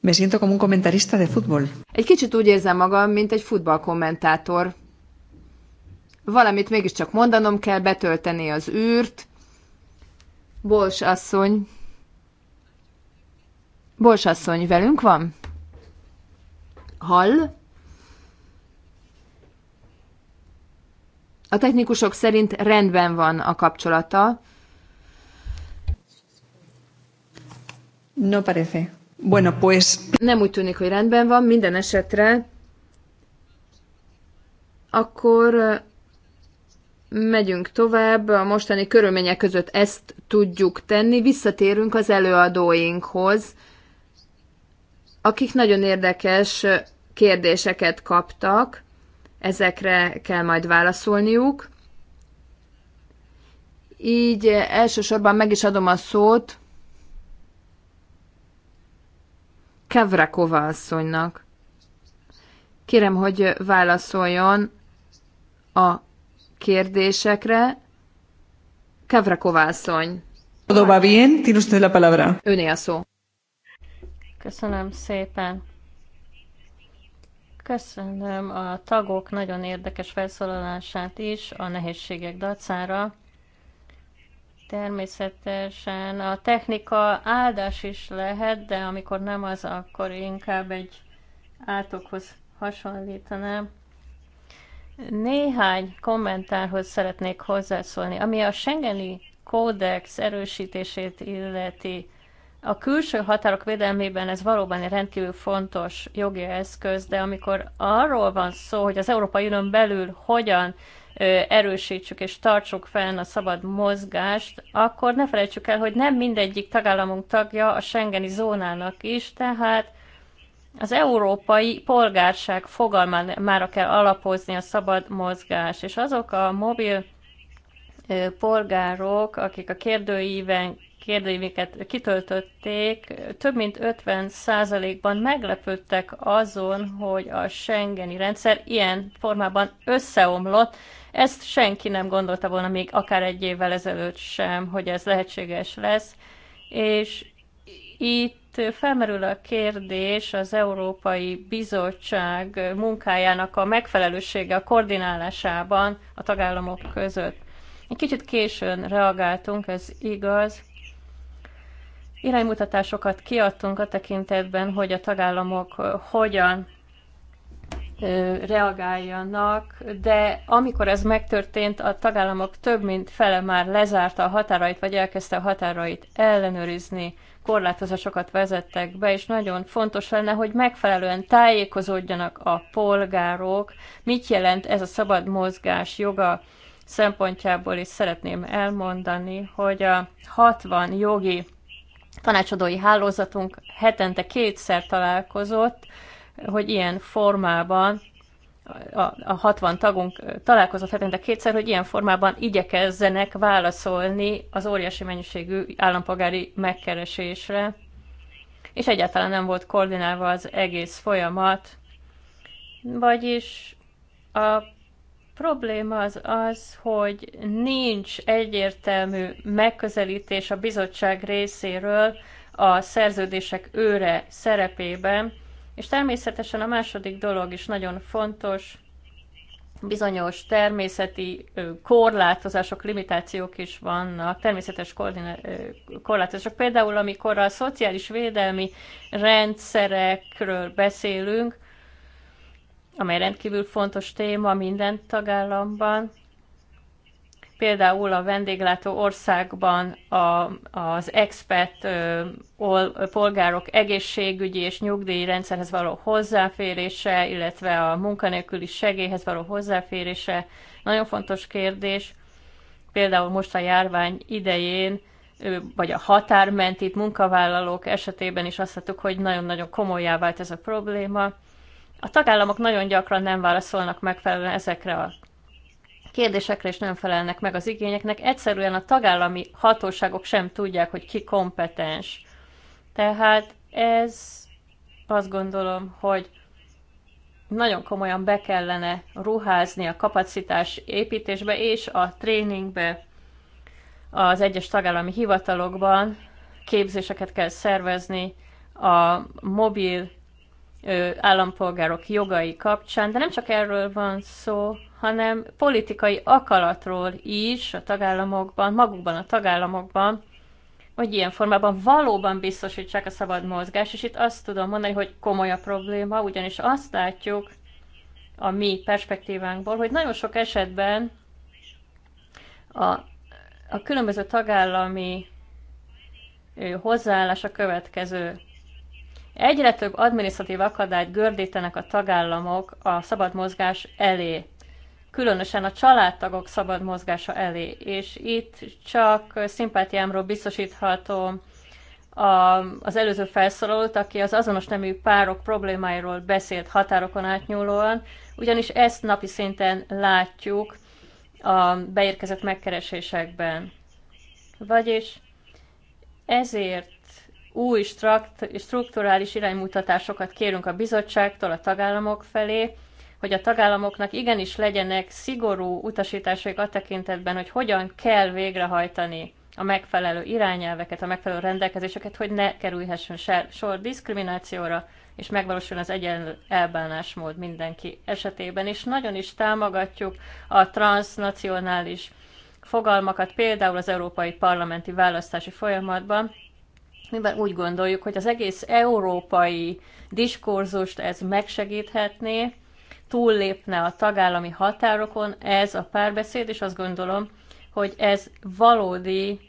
Me siento como un comentarista de fútbol. Egy kicsit úgy érzem magam, mint egy futballkommentátor. Valamit mégiscsak mondanom kell, betölteni az űrt, Bols asszony. Bols asszony, velünk van? Hall? A technikusok szerint rendben van a kapcsolata. No parece. Bueno, pues... Nem úgy tűnik, hogy rendben van, minden esetre. Akkor megyünk tovább, a mostani körülmények között ezt tudjuk tenni, visszatérünk az előadóinkhoz, akik nagyon érdekes kérdéseket kaptak, ezekre kell majd válaszolniuk. Így elsősorban meg is adom a szót Kevrakova asszonynak. Kérem, hogy válaszoljon a kérdésekre. Kevra Kovászony. va bien, tiene usted la palabra. Öné a szó. Köszönöm szépen. Köszönöm a tagok nagyon érdekes felszólalását is a nehézségek dacára. Természetesen a technika áldás is lehet, de amikor nem az, akkor inkább egy átokhoz hasonlítanám. Néhány kommentárhoz szeretnék hozzászólni. Ami a Schengeni kódex erősítését illeti, a külső határok védelmében ez valóban egy rendkívül fontos jogi eszköz, de amikor arról van szó, hogy az Európai Unión belül hogyan erősítsük és tartsuk fenn a szabad mozgást, akkor ne felejtsük el, hogy nem mindegyik tagállamunk tagja a Schengeni zónának is, tehát az európai polgárság fogalmára kell alapozni a szabad mozgás, és azok a mobil polgárok, akik a kérdőíven kérdőíveket kitöltötték, több mint 50%-ban meglepődtek azon, hogy a Schengeni rendszer ilyen formában összeomlott. Ezt senki nem gondolta volna még akár egy évvel ezelőtt sem, hogy ez lehetséges lesz. És itt itt felmerül a kérdés az Európai Bizottság munkájának a megfelelősége a koordinálásában a tagállamok között. Egy kicsit későn reagáltunk, ez igaz. Iránymutatásokat kiadtunk a tekintetben, hogy a tagállamok hogyan reagáljanak, de amikor ez megtörtént, a tagállamok több mint fele már lezárta a határait, vagy elkezdte a határait ellenőrizni korlátozásokat vezettek be, és nagyon fontos lenne, hogy megfelelően tájékozódjanak a polgárok, mit jelent ez a szabad mozgás joga szempontjából is szeretném elmondani, hogy a 60 jogi tanácsadói hálózatunk hetente kétszer találkozott, hogy ilyen formában a, a 60 tagunk találkozott hetente kétszer, hogy ilyen formában igyekezzenek válaszolni az óriási mennyiségű állampolgári megkeresésre, és egyáltalán nem volt koordinálva az egész folyamat. Vagyis a probléma az az, hogy nincs egyértelmű megközelítés a bizottság részéről a szerződések őre szerepében, és természetesen a második dolog is nagyon fontos, bizonyos természeti korlátozások, limitációk is vannak, természetes korlátozások. Például, amikor a szociális védelmi rendszerekről beszélünk, amely rendkívül fontos téma minden tagállamban, például a vendéglátó országban a, az expat polgárok egészségügyi és nyugdíj rendszerhez való hozzáférése, illetve a munkanélküli segélyhez való hozzáférése nagyon fontos kérdés. Például most a járvány idején vagy a határmenti munkavállalók esetében is azt hattuk, hogy nagyon-nagyon komolyá vált ez a probléma. A tagállamok nagyon gyakran nem válaszolnak megfelelően ezekre a kérdésekre is nem felelnek meg az igényeknek. Egyszerűen a tagállami hatóságok sem tudják, hogy ki kompetens. Tehát ez azt gondolom, hogy nagyon komolyan be kellene ruházni a kapacitás építésbe és a tréningbe az egyes tagállami hivatalokban képzéseket kell szervezni a mobil állampolgárok jogai kapcsán, de nem csak erről van szó, hanem politikai akaratról is a tagállamokban, magukban a tagállamokban, hogy ilyen formában valóban biztosítsák a szabad mozgás, és itt azt tudom mondani, hogy komoly a probléma, ugyanis azt látjuk a mi perspektívánkból, hogy nagyon sok esetben a, a különböző tagállami ő, hozzáállás a következő. Egyre több adminisztratív akadályt gördítenek a tagállamok a szabad mozgás elé különösen a családtagok szabad mozgása elé, és itt csak szimpátiámról biztosíthatom a, az előző felszólalót, aki az azonos nemű párok problémáiról beszélt határokon átnyúlóan, ugyanis ezt napi szinten látjuk a beérkezett megkeresésekben. Vagyis ezért új strukturális iránymutatásokat kérünk a bizottságtól, a tagállamok felé, hogy a tagállamoknak igenis legyenek szigorú utasításaik a tekintetben, hogy hogyan kell végrehajtani a megfelelő irányelveket, a megfelelő rendelkezéseket, hogy ne kerülhessen sor diszkriminációra, és megvalósuljon az egyenlő elbánásmód mindenki esetében. És nagyon is támogatjuk a transnacionális fogalmakat, például az európai parlamenti választási folyamatban, mivel úgy gondoljuk, hogy az egész európai diskurzust ez megsegíthetné, túllépne a tagállami határokon, ez a párbeszéd, és azt gondolom, hogy ez valódi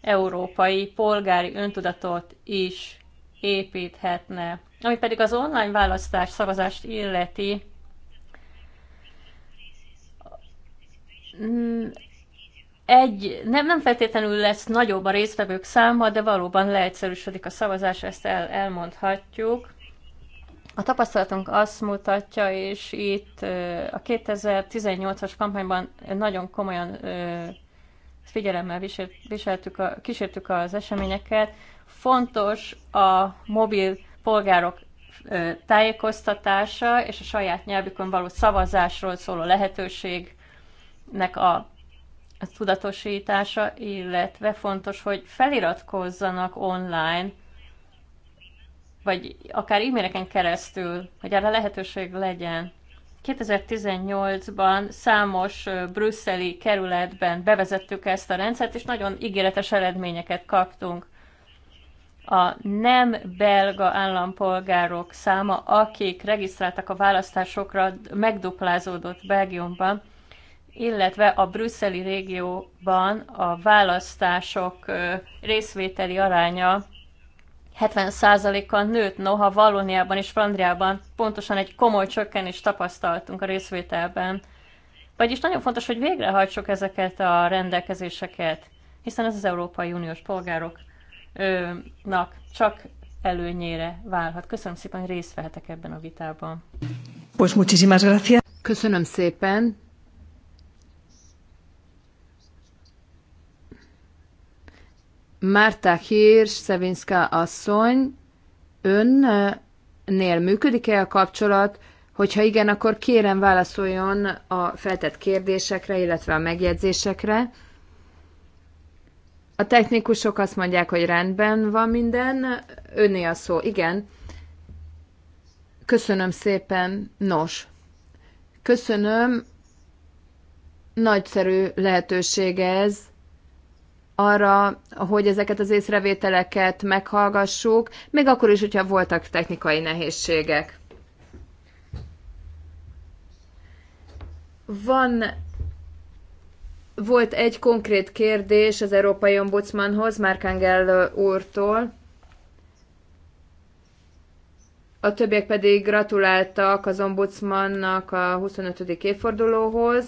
európai polgári öntudatot is építhetne. Ami pedig az online választás szavazást illeti, egy, nem, nem feltétlenül lesz nagyobb a résztvevők száma, de valóban leegyszerűsödik a szavazás, ezt el, elmondhatjuk. A tapasztalatunk azt mutatja, és itt a 2018-as kampányban nagyon komolyan figyelemmel viseltük a, kísértük az eseményeket. Fontos a mobil polgárok tájékoztatása és a saját nyelvükön való szavazásról szóló lehetőségnek a, a tudatosítása, illetve fontos, hogy feliratkozzanak online vagy akár e-maileken keresztül, hogy erre lehetőség legyen. 2018-ban számos brüsszeli kerületben bevezettük ezt a rendszert, és nagyon ígéretes eredményeket kaptunk. A nem belga állampolgárok száma, akik regisztráltak a választásokra, megduplázódott Belgiumban, illetve a brüsszeli régióban a választások részvételi aránya 70%-kal nőtt, noha Valóniában és Flandriában pontosan egy komoly csökkenést tapasztaltunk a részvételben. Vagyis nagyon fontos, hogy végrehajtsuk ezeket a rendelkezéseket, hiszen ez az Európai Uniós polgároknak csak előnyére válhat. Köszönöm szépen, hogy részt vehetek ebben a vitában. Pues muchísimas gracias. Köszönöm szépen. Márta Hirsch, Szevinszka asszony, önnél működik-e a kapcsolat? Hogyha igen, akkor kérem válaszoljon a feltett kérdésekre, illetve a megjegyzésekre. A technikusok azt mondják, hogy rendben van minden, önné a szó. Igen. Köszönöm szépen. Nos, köszönöm. Nagyszerű lehetőség ez arra, hogy ezeket az észrevételeket meghallgassuk, még akkor is, hogyha voltak technikai nehézségek. Van volt egy konkrét kérdés az Európai Ombudsmanhoz, Mark Angel úrtól. A többiek pedig gratuláltak az ombudsmannak a 25. évfordulóhoz.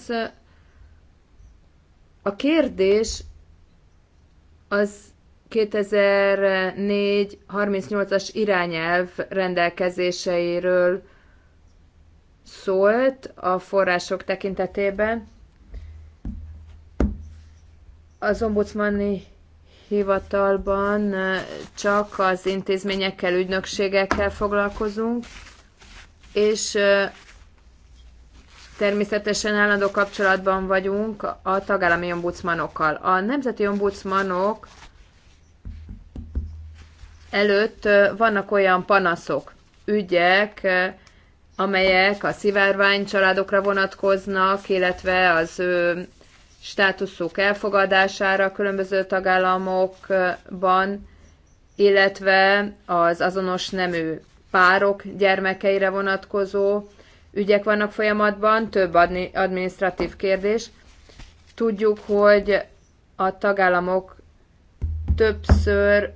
A kérdés az 2004-38-as irányelv rendelkezéseiről szólt a források tekintetében. Az ombudsmani hivatalban csak az intézményekkel, ügynökségekkel foglalkozunk, és Természetesen állandó kapcsolatban vagyunk a tagállami ombudsmanokkal. A nemzeti ombudsmanok előtt vannak olyan panaszok, ügyek, amelyek a szivárvány családokra vonatkoznak, illetve az ő státuszuk elfogadására a különböző tagállamokban, illetve az azonos nemű párok gyermekeire vonatkozó ügyek vannak folyamatban, több adminisztratív kérdés. Tudjuk, hogy a tagállamok többször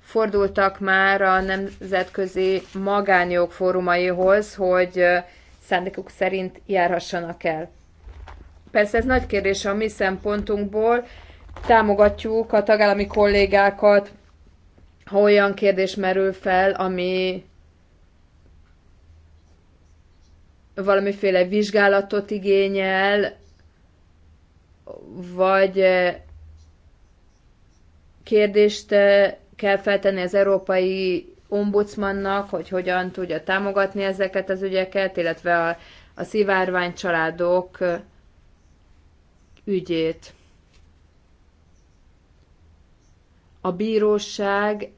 fordultak már a nemzetközi magánjog fórumaihoz, hogy szándékuk szerint járhassanak el. Persze ez nagy kérdés a mi szempontunkból. Támogatjuk a tagállami kollégákat, ha olyan kérdés merül fel, ami valamiféle vizsgálatot igényel, vagy eh, kérdést eh, kell feltenni az Európai Ombudsmannak, hogy hogyan tudja támogatni ezeket az ügyeket, illetve a, a szivárványcsaládok eh, ügyét. A bíróság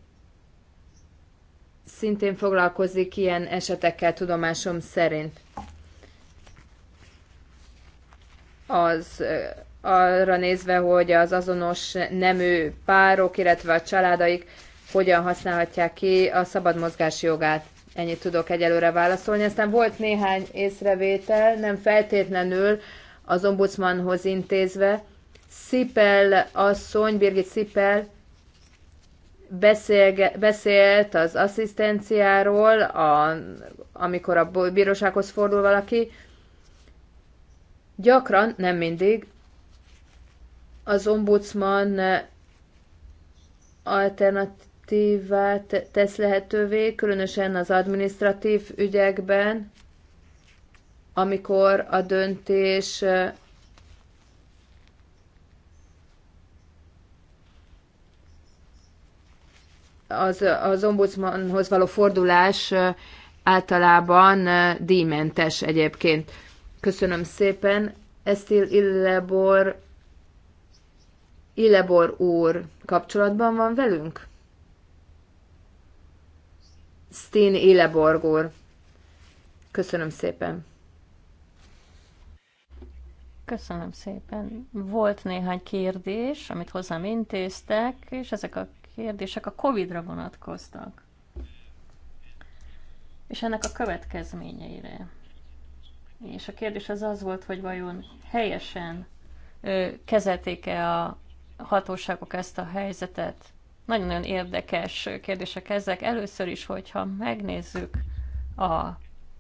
szintén foglalkozik ilyen esetekkel tudomásom szerint. az arra nézve, hogy az azonos nemű párok, illetve a családaik hogyan használhatják ki a szabad mozgás jogát. Ennyit tudok egyelőre válaszolni. Aztán volt néhány észrevétel, nem feltétlenül az ombudsmanhoz intézve. Szipel asszony, Birgit Szipel beszélge, beszélt az asszisztenciáról, a, amikor a bírósághoz fordul valaki, Gyakran, nem mindig, az ombudsman alternatívát tesz lehetővé, különösen az administratív ügyekben, amikor a döntés az, az ombudsmanhoz való fordulás általában díjmentes egyébként. Köszönöm szépen. Esztil Illebor, Illebor úr kapcsolatban van velünk? Stin Illeborg úr. Köszönöm szépen. Köszönöm szépen. Volt néhány kérdés, amit hozzám intéztek, és ezek a kérdések a Covid-ra vonatkoztak. És ennek a következményeire. És a kérdés az az volt, hogy vajon helyesen kezelték-e a hatóságok ezt a helyzetet. Nagyon-nagyon érdekes kérdések ezek. Először is, hogyha megnézzük a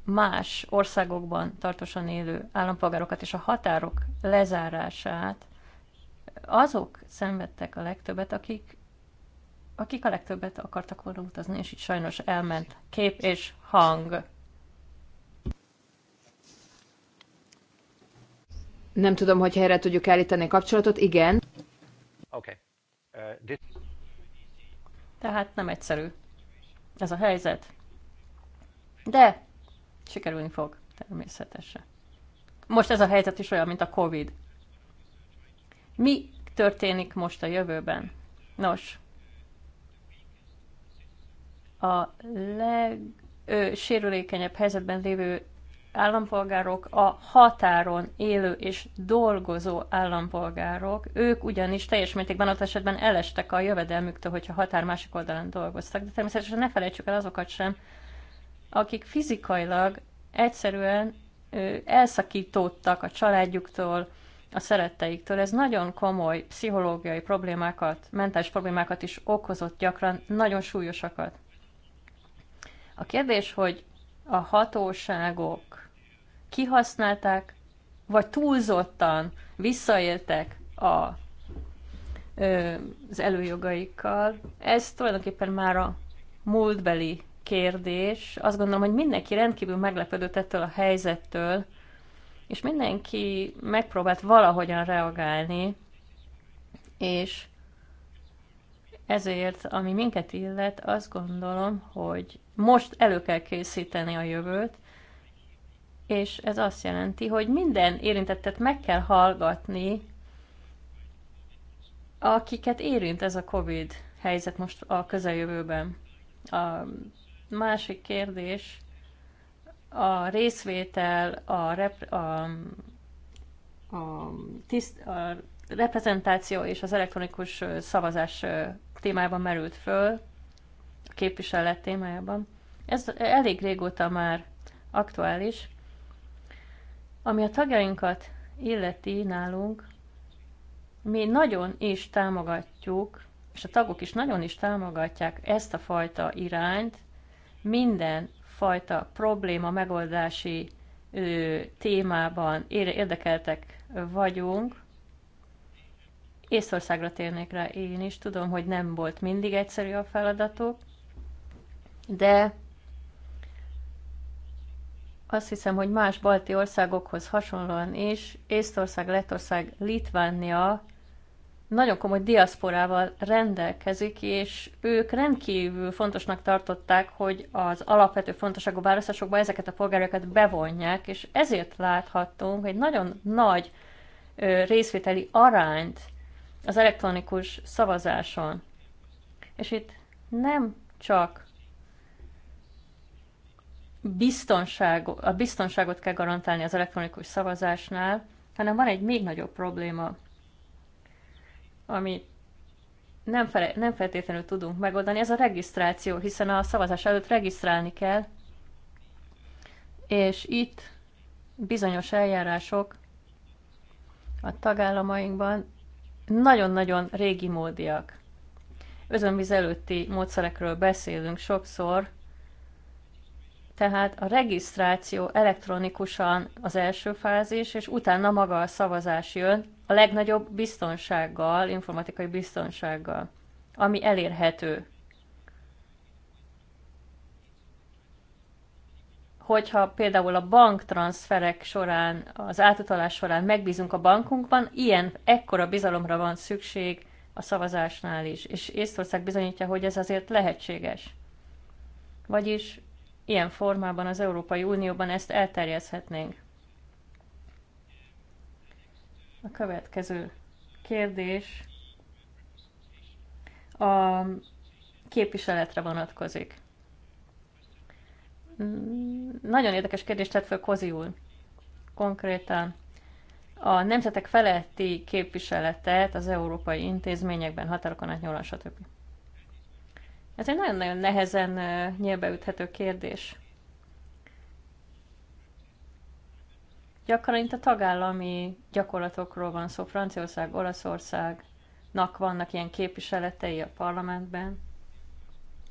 más országokban tartósan élő állampolgárokat és a határok lezárását, azok szenvedtek a legtöbbet, akik, akik a legtöbbet akartak volna utazni, és itt sajnos elment kép és hang. Nem tudom, hogy helyre tudjuk állítani kapcsolatot. Igen. Okay. Uh, this... Tehát nem egyszerű ez a helyzet. De sikerülni fog, természetesen. Most ez a helyzet is olyan, mint a Covid. Mi történik most a jövőben? Nos, a legsérülékenyebb helyzetben lévő állampolgárok a határon élő és dolgozó állampolgárok, ők ugyanis teljes mértékben ott esetben elestek a jövedelmüktől, hogyha határ másik oldalán dolgoztak. De természetesen ne felejtsük el azokat sem, akik fizikailag egyszerűen elszakítottak a családjuktól, a szeretteiktől. Ez nagyon komoly pszichológiai problémákat, mentális problémákat is okozott gyakran, nagyon súlyosakat. A kérdés, hogy a hatóságok kihasználták, vagy túlzottan visszaéltek a, ö, az előjogaikkal. Ez tulajdonképpen már a múltbeli kérdés. Azt gondolom, hogy mindenki rendkívül meglepődött ettől a helyzettől, és mindenki megpróbált valahogyan reagálni, és ezért, ami minket illet, azt gondolom, hogy most elő kell készíteni a jövőt, és ez azt jelenti, hogy minden érintettet meg kell hallgatni, akiket érint ez a COVID helyzet most a közeljövőben. A másik kérdés a részvétel, a, rep, a, a, tiszt, a reprezentáció és az elektronikus szavazás témában merült föl, a képviselet témájában. Ez elég régóta már aktuális, ami a tagjainkat illeti nálunk, mi nagyon is támogatjuk, és a tagok is nagyon is támogatják ezt a fajta irányt, minden fajta probléma megoldási ö, témában érdekeltek vagyunk. Észországra térnék rá én is, tudom, hogy nem volt mindig egyszerű a feladatok, de azt hiszem, hogy más balti országokhoz hasonlóan is Észtország, Lettország, Litvánia nagyon komoly diaszporával rendelkezik, és ők rendkívül fontosnak tartották, hogy az alapvető fontosságú választásokba ezeket a polgárokat bevonják, és ezért láthattunk egy nagyon nagy részvételi arányt az elektronikus szavazáson. És itt nem csak biztonság, a biztonságot kell garantálni az elektronikus szavazásnál, hanem van egy még nagyobb probléma, ami nem, fele, nem feltétlenül tudunk megoldani, ez a regisztráció, hiszen a szavazás előtt regisztrálni kell, és itt bizonyos eljárások a tagállamainkban nagyon-nagyon régi módiak. Özönvíz előtti módszerekről beszélünk sokszor, tehát a regisztráció elektronikusan az első fázis, és utána maga a szavazás jön a legnagyobb biztonsággal, informatikai biztonsággal, ami elérhető. Hogyha például a banktranszferek során, az átutalás során megbízunk a bankunkban, ilyen ekkora bizalomra van szükség a szavazásnál is. És Észtország bizonyítja, hogy ez azért lehetséges. Vagyis ilyen formában az Európai Unióban ezt elterjeszhetnénk. A következő kérdés a képviseletre vonatkozik. Nagyon érdekes kérdést tett fel Kozi úr. Konkrétan a nemzetek feletti képviseletet az európai intézményekben, határokon átnyúlva, stb. Ez egy nagyon-nagyon nehezen nyelbeüthető kérdés. Gyakran itt a tagállami gyakorlatokról van szó. Franciaország, Olaszországnak vannak ilyen képviseletei a parlamentben,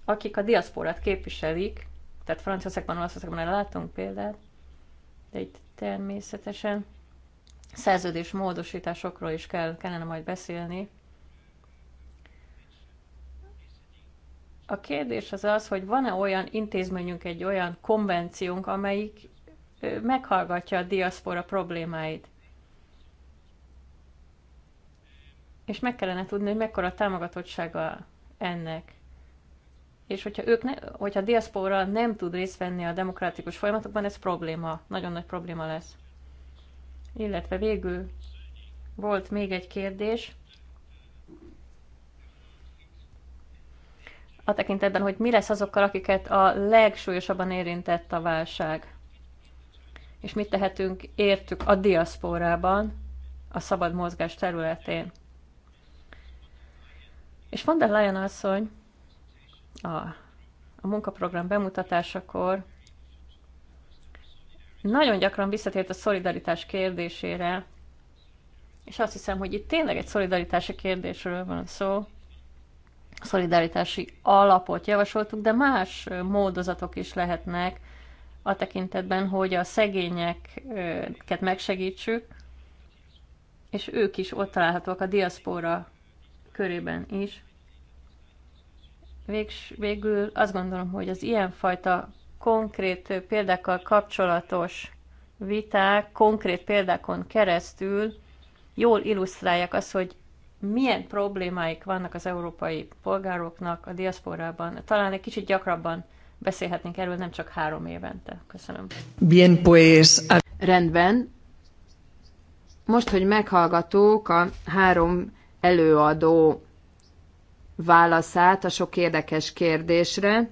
akik a diaszporát képviselik, tehát Franciaországban, Olaszországban már látunk példát, de itt természetesen szerződés módosításokról is kell, kellene majd beszélni, A kérdés az az, hogy van-e olyan intézményünk, egy olyan konvenciónk, amelyik meghallgatja a diaszpora problémáit. És meg kellene tudni, hogy mekkora támogatottsága ennek. És hogyha, ők ne, hogyha a diaszpora nem tud részt venni a demokratikus folyamatokban, ez probléma, nagyon nagy probléma lesz. Illetve végül volt még egy kérdés a tekintetben, hogy mi lesz azokkal, akiket a legsúlyosabban érintett a válság. És mit tehetünk értük a diaszporában, a szabad mozgás területén. És von der Leyen asszony a, a munkaprogram bemutatásakor nagyon gyakran visszatért a szolidaritás kérdésére, és azt hiszem, hogy itt tényleg egy szolidaritási kérdésről van szó, szolidaritási alapot javasoltuk, de más módozatok is lehetnek a tekintetben, hogy a szegényeket megsegítsük, és ők is ott találhatóak a diaszpora körében is. Végs, végül azt gondolom, hogy az ilyenfajta konkrét példákkal kapcsolatos viták, konkrét példákon keresztül jól illusztrálják azt, hogy milyen problémáik vannak az európai polgároknak a diaszporában. Talán egy kicsit gyakrabban beszélhetnénk erről, nem csak három évente. Köszönöm. Bien, pues. Rendben. Most, hogy meghallgatók a három előadó válaszát a sok érdekes kérdésre,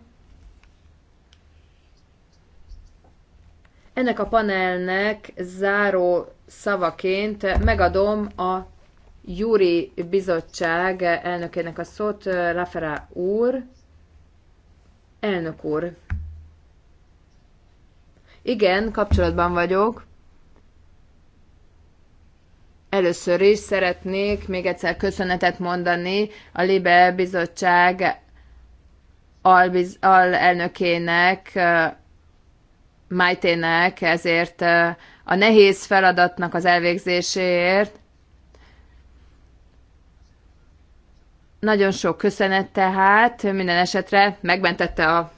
ennek a panelnek záró szavaként megadom a Júri Bizottság elnökének a szót, Rafera úr. Elnök úr. Igen, kapcsolatban vagyok. Először is szeretnék még egyszer köszönetet mondani a Libe Bizottság alelnökének, al Májtének ezért a nehéz feladatnak az elvégzéséért, Nagyon sok köszönet tehát, minden esetre megmentette a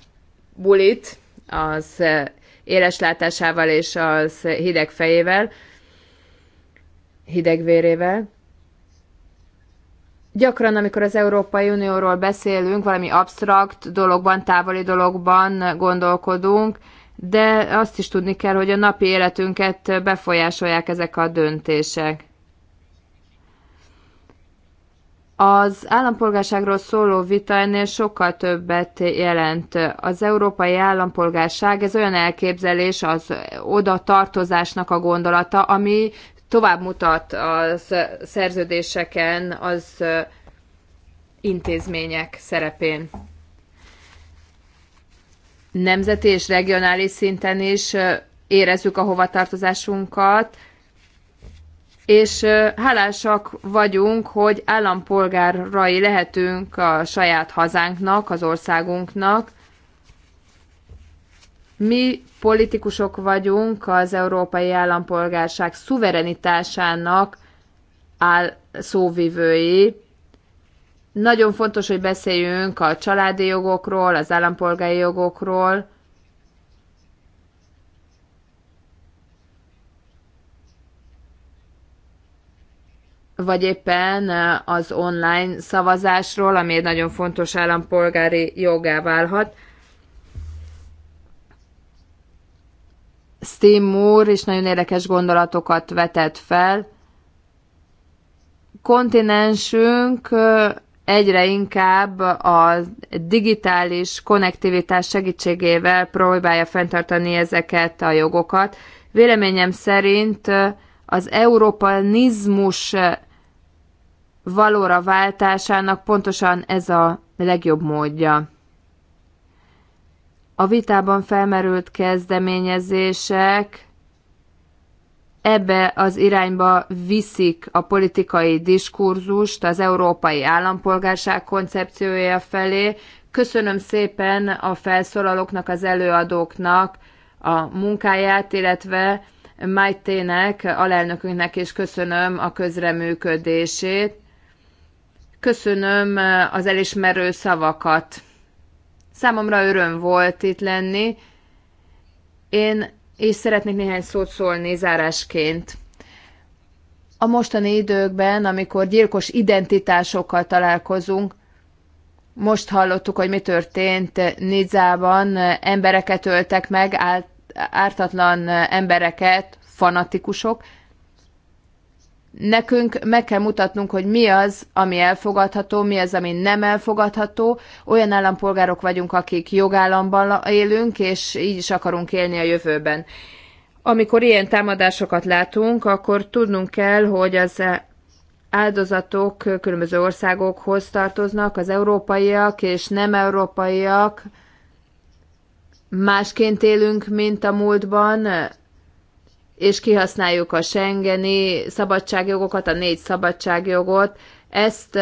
bulit az eh, éles látásával és az hideg fejével, hideg vérével. Gyakran, amikor az Európai Unióról beszélünk, valami absztrakt dologban, távoli dologban gondolkodunk, de azt is tudni kell, hogy a napi életünket befolyásolják ezek a döntések. Az állampolgárságról szóló vita ennél sokkal többet jelent. Az európai állampolgárság, ez olyan elképzelés, az oda tartozásnak a gondolata, ami tovább mutat a szerződéseken, az intézmények szerepén. Nemzeti és regionális szinten is érezzük a hovatartozásunkat, és hálásak vagyunk, hogy állampolgárai lehetünk a saját hazánknak, az országunknak. Mi politikusok vagyunk az európai állampolgárság szuverenitásának áll szóvivői. Nagyon fontos, hogy beszéljünk a családi jogokról, az állampolgári jogokról, vagy éppen eh, az online szavazásról, ami egy nagyon fontos állampolgári jogá válhat. Steam Moore is nagyon érdekes gondolatokat vetett fel. Kontinensünk eh, egyre inkább a digitális konnektivitás segítségével próbálja fenntartani ezeket a jogokat. Véleményem szerint eh, az európanizmus valóra váltásának pontosan ez a legjobb módja. A vitában felmerült kezdeményezések ebbe az irányba viszik a politikai diskurzust az európai állampolgárság koncepciója felé. Köszönöm szépen a felszólalóknak, az előadóknak a munkáját, illetve Maitének, alelnökünknek is köszönöm a közreműködését. Köszönöm eh, az elismerő szavakat. Számomra öröm volt itt lenni. Én és szeretnék néhány szót szólni zárásként. A mostani időkben, amikor gyilkos identitásokkal találkozunk, most hallottuk, hogy mi történt Nidzában, embereket öltek meg, állt ártatlan embereket fanatikusok. Nekünk meg kell mutatnunk, hogy mi az, ami elfogadható, mi az, ami nem elfogadható. Olyan állampolgárok vagyunk, akik jogállamban élünk, és így is akarunk élni a jövőben. Amikor ilyen támadásokat látunk, akkor tudnunk kell, hogy az áldozatok különböző országokhoz tartoznak, az európaiak és nem európaiak másként élünk, mint a múltban, és kihasználjuk a Schengeni szabadságjogokat, a négy szabadságjogot. Ezt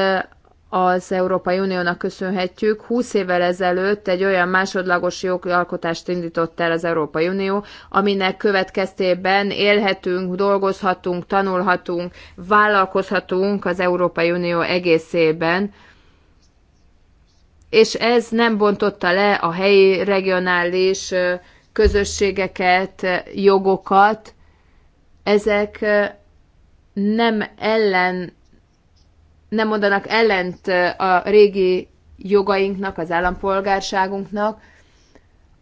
az Európai Uniónak köszönhetjük. 20 évvel ezelőtt egy olyan másodlagos jogalkotást indított el az Európai Unió, aminek következtében élhetünk, dolgozhatunk, tanulhatunk, vállalkozhatunk az Európai Unió egészében és ez nem bontotta le a helyi regionális közösségeket, jogokat. Ezek nem ellen, nem mondanak ellent a régi jogainknak, az állampolgárságunknak.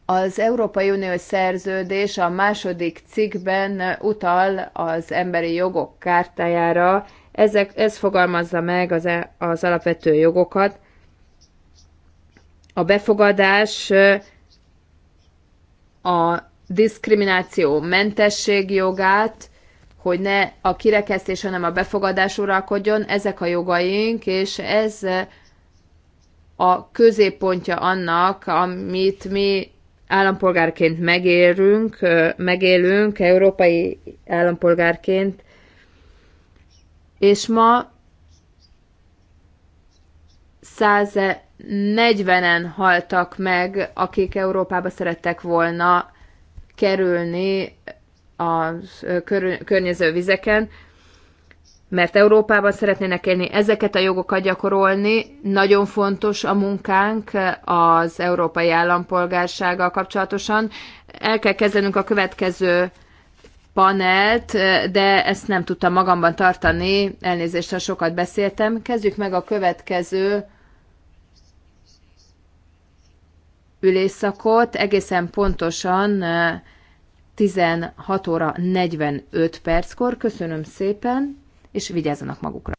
Az Európai Unió szerződés a második cikkben utal az emberi jogok kártájára. Ezek, ez fogalmazza meg az, e, az alapvető jogokat, a befogadás, a diszkrimináció mentesség jogát, hogy ne a kirekesztés, hanem a befogadás uralkodjon, ezek a jogaink, és ez a középpontja annak, amit mi állampolgárként megérünk, megélünk, európai állampolgárként, és ma száze 40-en haltak meg, akik Európába szerettek volna kerülni a környező vizeken, mert Európában szeretnének élni, ezeket a jogokat gyakorolni. Nagyon fontos a munkánk az európai állampolgársággal kapcsolatosan. El kell kezdenünk a következő panelt, de ezt nem tudtam magamban tartani, elnézést, ha sokat beszéltem. Kezdjük meg a következő ülésszakot, egészen pontosan 16 óra 45 perckor. Köszönöm szépen, és vigyázzanak magukra!